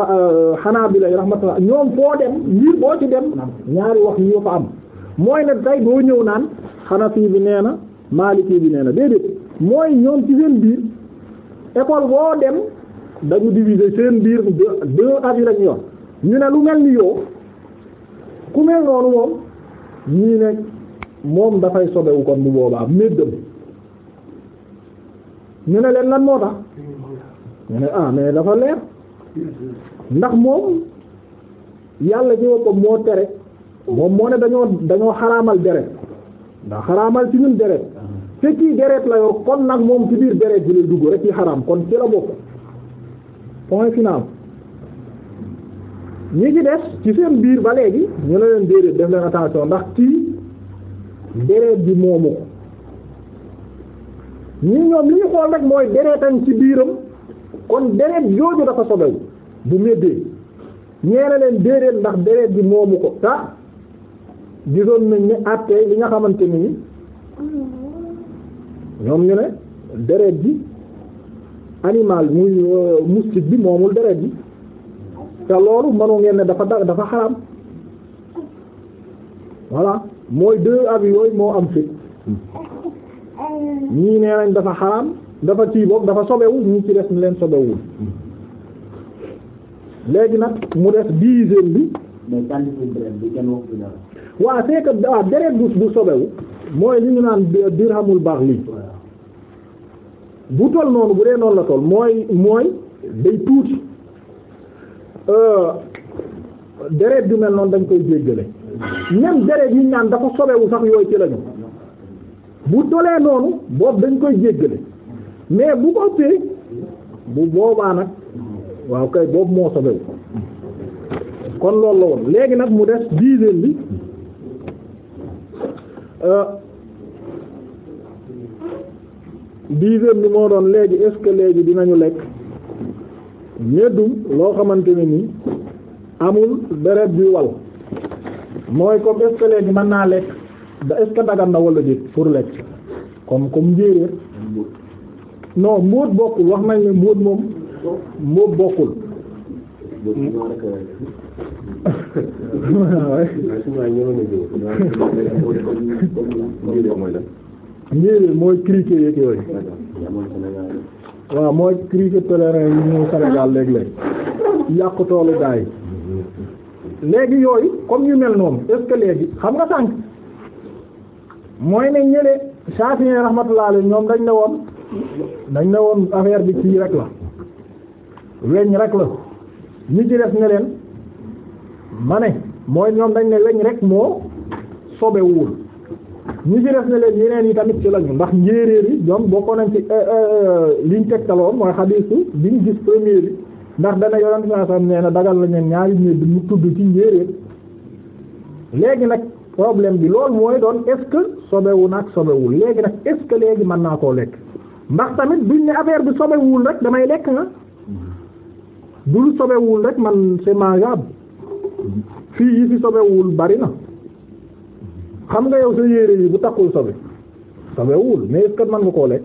Speaker 1: xanaabila euh, yi rahmatullah ñoom foo dem ngir boo ci dem ñaari wax yi yoo fa am mooy ne tey boo ñëw naan xanafi bi nee na maliki bi nee na déedéet mooy ñoom ci seen biir école boo dem dañu diviser seen biir deux avis lañu yor ñu ne lu mel ni yow ku mel noonu moom ñii ne moom dafay sobewu kon bu boobaa méddam ñu ne leen lan moo tax ne ah dafa leer ndax moom yàlla ci boppam moo tere moom moo ne dañoo dañoo xaraamal deret ndax xaraamal ci ñun deret te kii deret la yor kon nag moom ci biir deret bi lay dugg rek ci xaraam kon ci la bokk point final ñi ci des ci seen biir ba léegi ñu ne leen déedéet def leen attention ndax kii deret bi moomu ko ñi ñoom li ñu xool rek mooy deretam ci biiram kon deret jooju dafa sobewu bu méddee ñeena leen déedéet ndax deret bi moomu ko tax gisoon nañ ne àttee li nga xamante ni ñoom ñu ne deret bi animal muy euh, moustique bi moomul deret bi te loolu manu ngeen ne dafa da dafa xaram voilà mooy deux avis yooyu moo am fit ñii nee nañ dafa xaram dafa kii boobu dafa sobewu ñi ci des ni leen sobewul léegi nag mu des dixième bi mais waaw c'est que ah deret bu bu sobewu mooy li ñu naan di dirhamul baax lii bu tol noonu bu dee noonu la tol mooy mooy day tuuti euh, deret du mel noonu dañ koy jéggale même deret yi ñaan dafa sobewu sax yooyu ci lañu bu tolee noonu boobu dañ koy jéggale mais bu ko bu boobaa nag waaw kay boobu moo sobewu kon loolu la woon léegi nag mu des dixième bi euh, dixième bi moo doon léegi est léegi dinañu lekk ñeddum loo xamante ne nii amul deret bi wal mooy comme est-ce que léegi mën naa lekk est-ce que na wala déet pour lekk comme comme njéeréer non mbóot bokkul wax nañ ne mbóot moom mbóot bokkul njéeréer mooy criquet yooyu waaw mooy criquet pèlerin yi ñëw Sénégal léeg-léeg yàq toolu gaa léegi yooyu comme ñu mel noonu est-ce léegi xam nga sànq mooy ne ñële Shafi'i rahmatullah alayhi ñoom dañ ne woon dañ ne woon affaire bi kii rek la weñ rek la ñi ci def ne leen ma ne mooy ñoom dañ ne weñ rek moo sobewul ñu ci def ne leen yeneen yi tamit ci lañu ndax njéeréer yi ñoom bokkoon nañ ci euh, euh, euh, liñ tegtaloon mooy xadiisu biñ gis premier bi ndax dana yonent saa sam nee na dagal la ñeen ñaari ñéet mu tudd ci njéeréer léegi nag problème bi loolu mooy doon est-ce que sobewu nag sobewul léegi nag est-ce que léegi mën naa koo lekk ndax tamit duñ ne affaire bi sobewul rek damay lekk nga bul sobewul rek man c'est mangeable fii yi fi sobewul bari na xam nga yow sa yére yi bu takkul sobe sobewul mais est man que mën koo lekk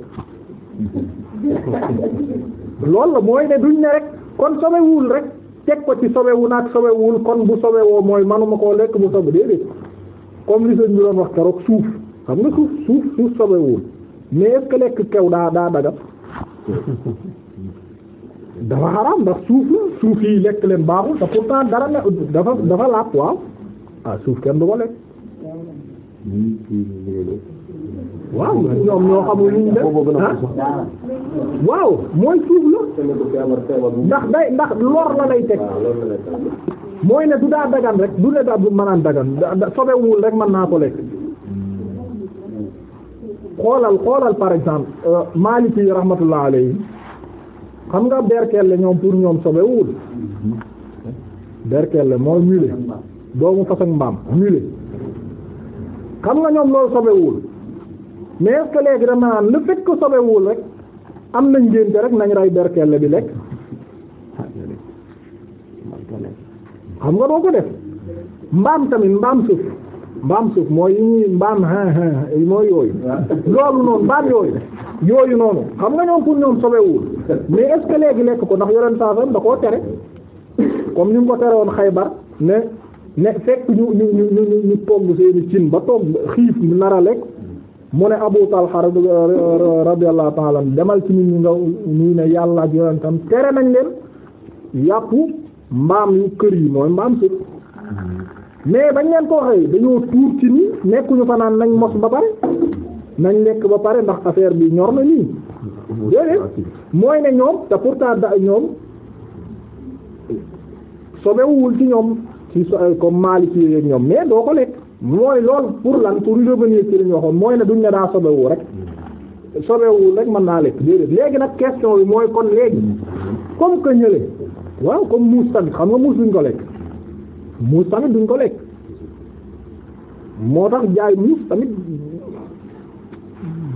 Speaker 1: loolu la mooy ne duñ ne rek kon sobewul rek teg ko ci sobewu naag sobewul kon bu sobewoo mooy manuma ko lekk bu sobe déedéet comme li sëñ bi doon wax keroog suuf xam nga suuf suuf suuf sobewul mais est-ce lekk kew daa daa daga dafa xaraam ndax suuf la suuf yi lekk leen baaxul te pourtant dara ne dafa dafa lapp waaw ah suuf kenn du ko lekk waaw ñoom ñoo xamul lu ñu def ah waaw mooy suuf la ndax day ndax lor la lay teg mooy ne du daa dagan rek du ne daa du mënaan dagan sobewul rek mën naa ko lekk xoolal xoolal par exemple euh, Maliki yi rahmatullah alayhi xam nga berkelle ñoom pour ñoom sobe wul berkelle mooy mule doomu fas ak mbaam mule xam nga ñoom loolu sobewul mais est-ce que léegi dama naan le fait sobewul rek am nañ ngénte rek nañ rey berkelle bi lekk xam nga doo ko def mbaam tamit mbaam suuf mbaam suuf mooy yi ñuy mbaam ah ah mooy yooyu loolu noonu mbaam yooyu yooyu noonu xam nga ñoom pour ñoom sobewul mais est-ce léegi lekk ko ndax yoren saasam da koo tere comme ni mu ko tere woon Xaybar ne ne fekk ñu ñu ñu ñu ñu togg seeni cin ba togg xiif nar a lekk mu ne Abu Talha radiyallahu ta'ala demal ci nit ñu nga ñuy ne yàlla ak yorentam tere nañ leen yàpp mbaam yu kër yi mooy mbaam suuf mais bañ leen ko waxee dañoo tuur ci nii nekkuñu fanaan naan nañ mos ba pare nañ lekk ba pare ndax affaire bi ñor na nii déedéet mooy ne ñoom te pourtant da ñoom sobewuwul ci ñoom ci euh, comme Maliki yeeg ñoom mais doo ko lekk mooy lool pour lan pour revenir ci li ñu waxoon mooy ne duñ ne daa sobewu rek sobewuwul rek mën naa lekk déedéet léegi nag question bi mooy kon léegi comme que waaw comme muus tamit xam nga muus duñ ko lekk muus tamit duñ ko lekk moo tax jaay muus tamit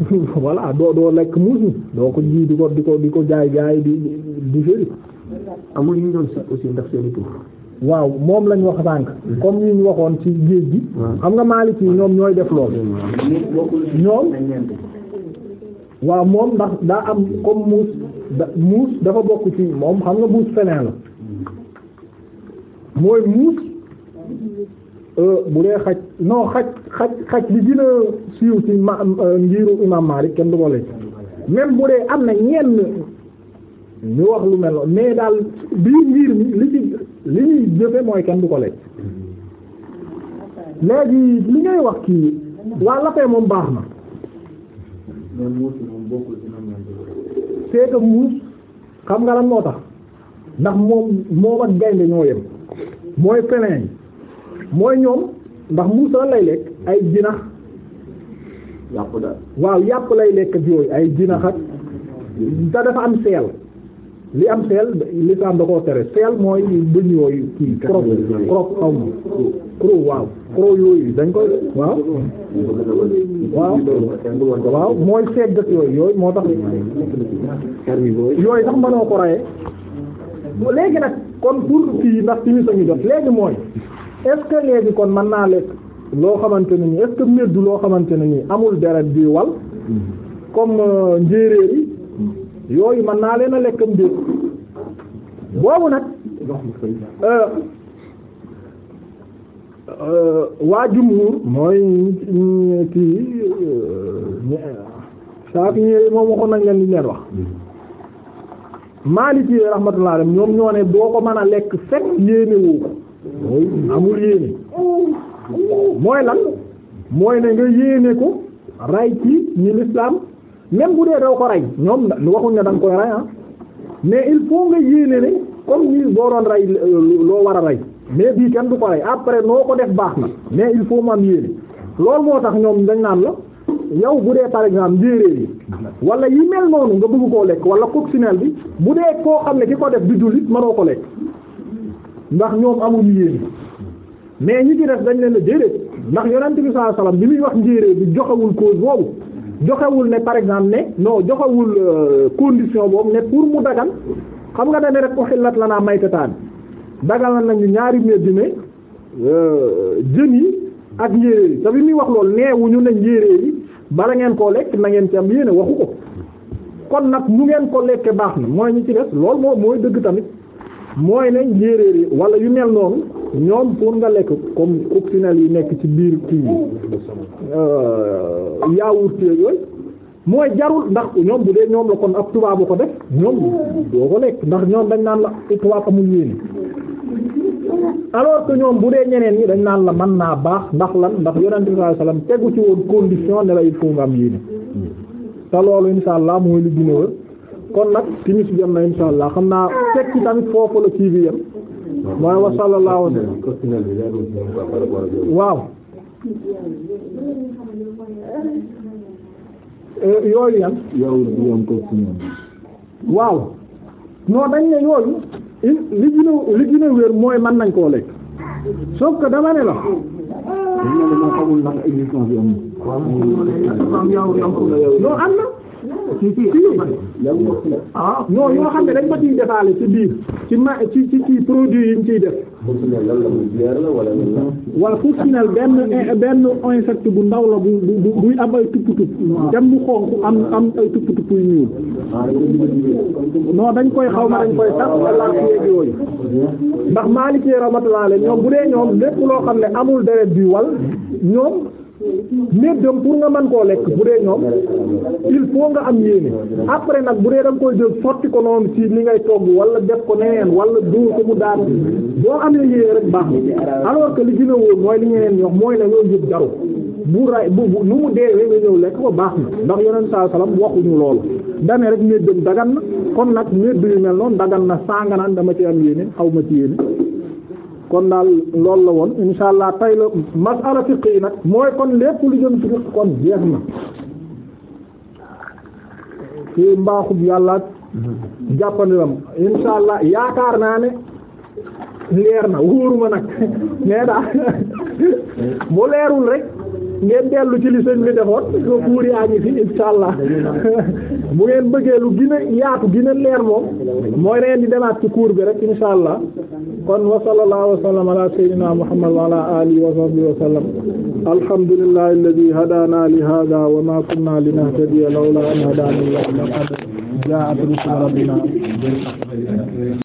Speaker 1: voilà doo doo lekk muus mi doo ko ji di ko di ko di ko jaay jaay di di féri amul ñu doon si aussi ndax seeni waaw moom lañu wax sànq hmm. comme ñu waxoon ci géej gi hmm. xam nga Maliki ñoom ñooy def lool hmm. ñoom waaw moom ndax daa am comme muus da muus dafa bokk ci moom xam nga muus feneen la mooy muus Euh, bu dee xaj non xaj xaj xaj bi dina siiw ci ma euh, ngiru imam Malik kenn du ko lekk même bu dee am na ñenn ñu wax lu mel noonu mais daal bii ngir mi li li ñuy jëfe mooy kenn du ko lekk léegi li ngay wax kii waa lapin moom baax na c'est que muus xam nga la moo ndax moom moom ak gaynde ñoo yem mooy feneen mooy ñoom ndax mu lay lekk ay jinax yàpp daal waaw yàpp lay lekk ak yooyu ay jinax ak da dafa am seel li am seel lislaam da koo tere seel mooy bëñ yooyu kii crop crop xaw ma crow waaw crow yooyu dañ koy waaw waaw mooy segg ak yooyu yooyu moo tax yooyu sax mënoo ko reye léegi nag kon pour fii ndax timi sañu jot léegi mooy est-ce que léegi kon mën naa lekk loo xamante ne nii est-ce loo xamante ne nii amul deret bi wal comme euh, njéeréer yi yooyu mën naa leen a lekkam déet boobu nag euh, euh, waa jumhur mooy kii saafi ñëwee moom waxoon nañ leen li leen wax Maliki rahmatullah ñoom ñoo ne boo ko mën a lekk fekk yéene amul yéene mooy lan mooy ne nga yéene ko ray ci ni l'islam même bu dee daw ko ray ñoom waxuñ ne da nga koy ray ah mais il faut nga yéene ne comme ni boo doon ray euh, loo war a ray mais bii kenn du ko ray après noo ko def baax na mais il faut mu am yéene loolu moo tax ñoom dañ naan la yow bu dee par exemple njéeréer yi wala yi mel noonu nga bëgg koo lekk wala coccinelle bi bu dee koo xam ne ki ko def du jullit mënoo ko lekk ndax ñoom amuñu yéen mais ñi ci def dañ leen la déedéet ndax yonent bi sallallahu alayhi wasallam bi muy wax njéeréer bi joxewul cause boobu joxewul ne par exemple ne non joxewul euh, condition boobu ne pour mu dagan xam nga dane rek la naa lanaa maytataan dagal nañu ñaari médine euh, jën yi ak njéeréer yi te bi muy wax lool neewuñu ne njéeréer yi bala ngeen koo lekk na ngeen ci am yéene waxu ko kon nag nu ngeen ko lekke baax na mooy ñi ci def loolu moo mooy dëgg tamit mooy ne njéeréer yi wala yu mel noonu ñoom pour nga lekk comme coccinelle yi nekk ci biir kii euh, yaourt yooyu mooy jarul ndax ñoom bu dee ñoom la kon ab tubaabu ko def ñoom doo ko lekk ndax ñoom dañ naan la tubaab amul yéene alors que ñoom bu dee ñeneen ñi dañ naan la mën naa baax ndax lan ndax yonent bi sallallahu alayhi wasallam tegu ci woon condition ne la il faut nga am yéene te loolu insha allah mooy li gën a kon nag timis bi jot na insha allah xam naa fekk foo tamit la kii bi yem mooy wa sallallahu alayhi waaw eh, yooyu yan waaw non dañ ne yooyu li li gën a mooy man nañ koo lekk sauf que la non am ci ci ah non yoo xam ne dañ ko ciy defaale ci biir ci ma ci ci produit yi ñu ciy def. wala fustinal benn benn insecte bu ndaw la bu bu buy am ay tupp tupp dem bu xonq am am ay tupp tupp yu ñuul. Ah, non dañ koy xaw ma dañ koy tax wala ci yooyu ndax Maliki rahmatullah ñoom bu dee ñoom lépp loo xam ne amul deret bi wal ñoom. dem pour nga man koo lekk bu dee ñoom il faut nga am yéene après nag bu dee da koo koy jël sotti ko noonu ci li ngay togg wala def ko neneen wala dóor ko mu daan boo amee yéene rek baax na alors que li gën a mooy li ñeneen wax mooy la yooyu yëpp jaru bu ray bu bu nu mu deewee nga ñëw lekk ko baax na ndax yonent saa salaam waxuñu loolu dane rek méddam dagan na kon nag médd yu mel noonu dagan na nga naan dama ci am yéene xaw ma ci yéene kon daal loolu la woon insha allah tay la masala fiq yi nag mooy kon lépp lu jëm ci fiq kon jeex na ci mbaaxub yàlla jàppandilam insha yaakaar naa ne leer na wóoruma nag mais daa bu leerul rek ngeen dellu ci li sëñ bi defoon so kuur yaa ngi fi insha allah bu ngeen bëggee lu gën yaatu gën leer moom mooy reen di demaat ci kuur bi rek insha allah kon wa sallallahu wa sallam ala sayyidina muhammad wa ala alihi wa sahbihi wa sallam alhamdulillahi alladhi hadana li hadha wa ma kunna linahtadiya lawla an hadana allah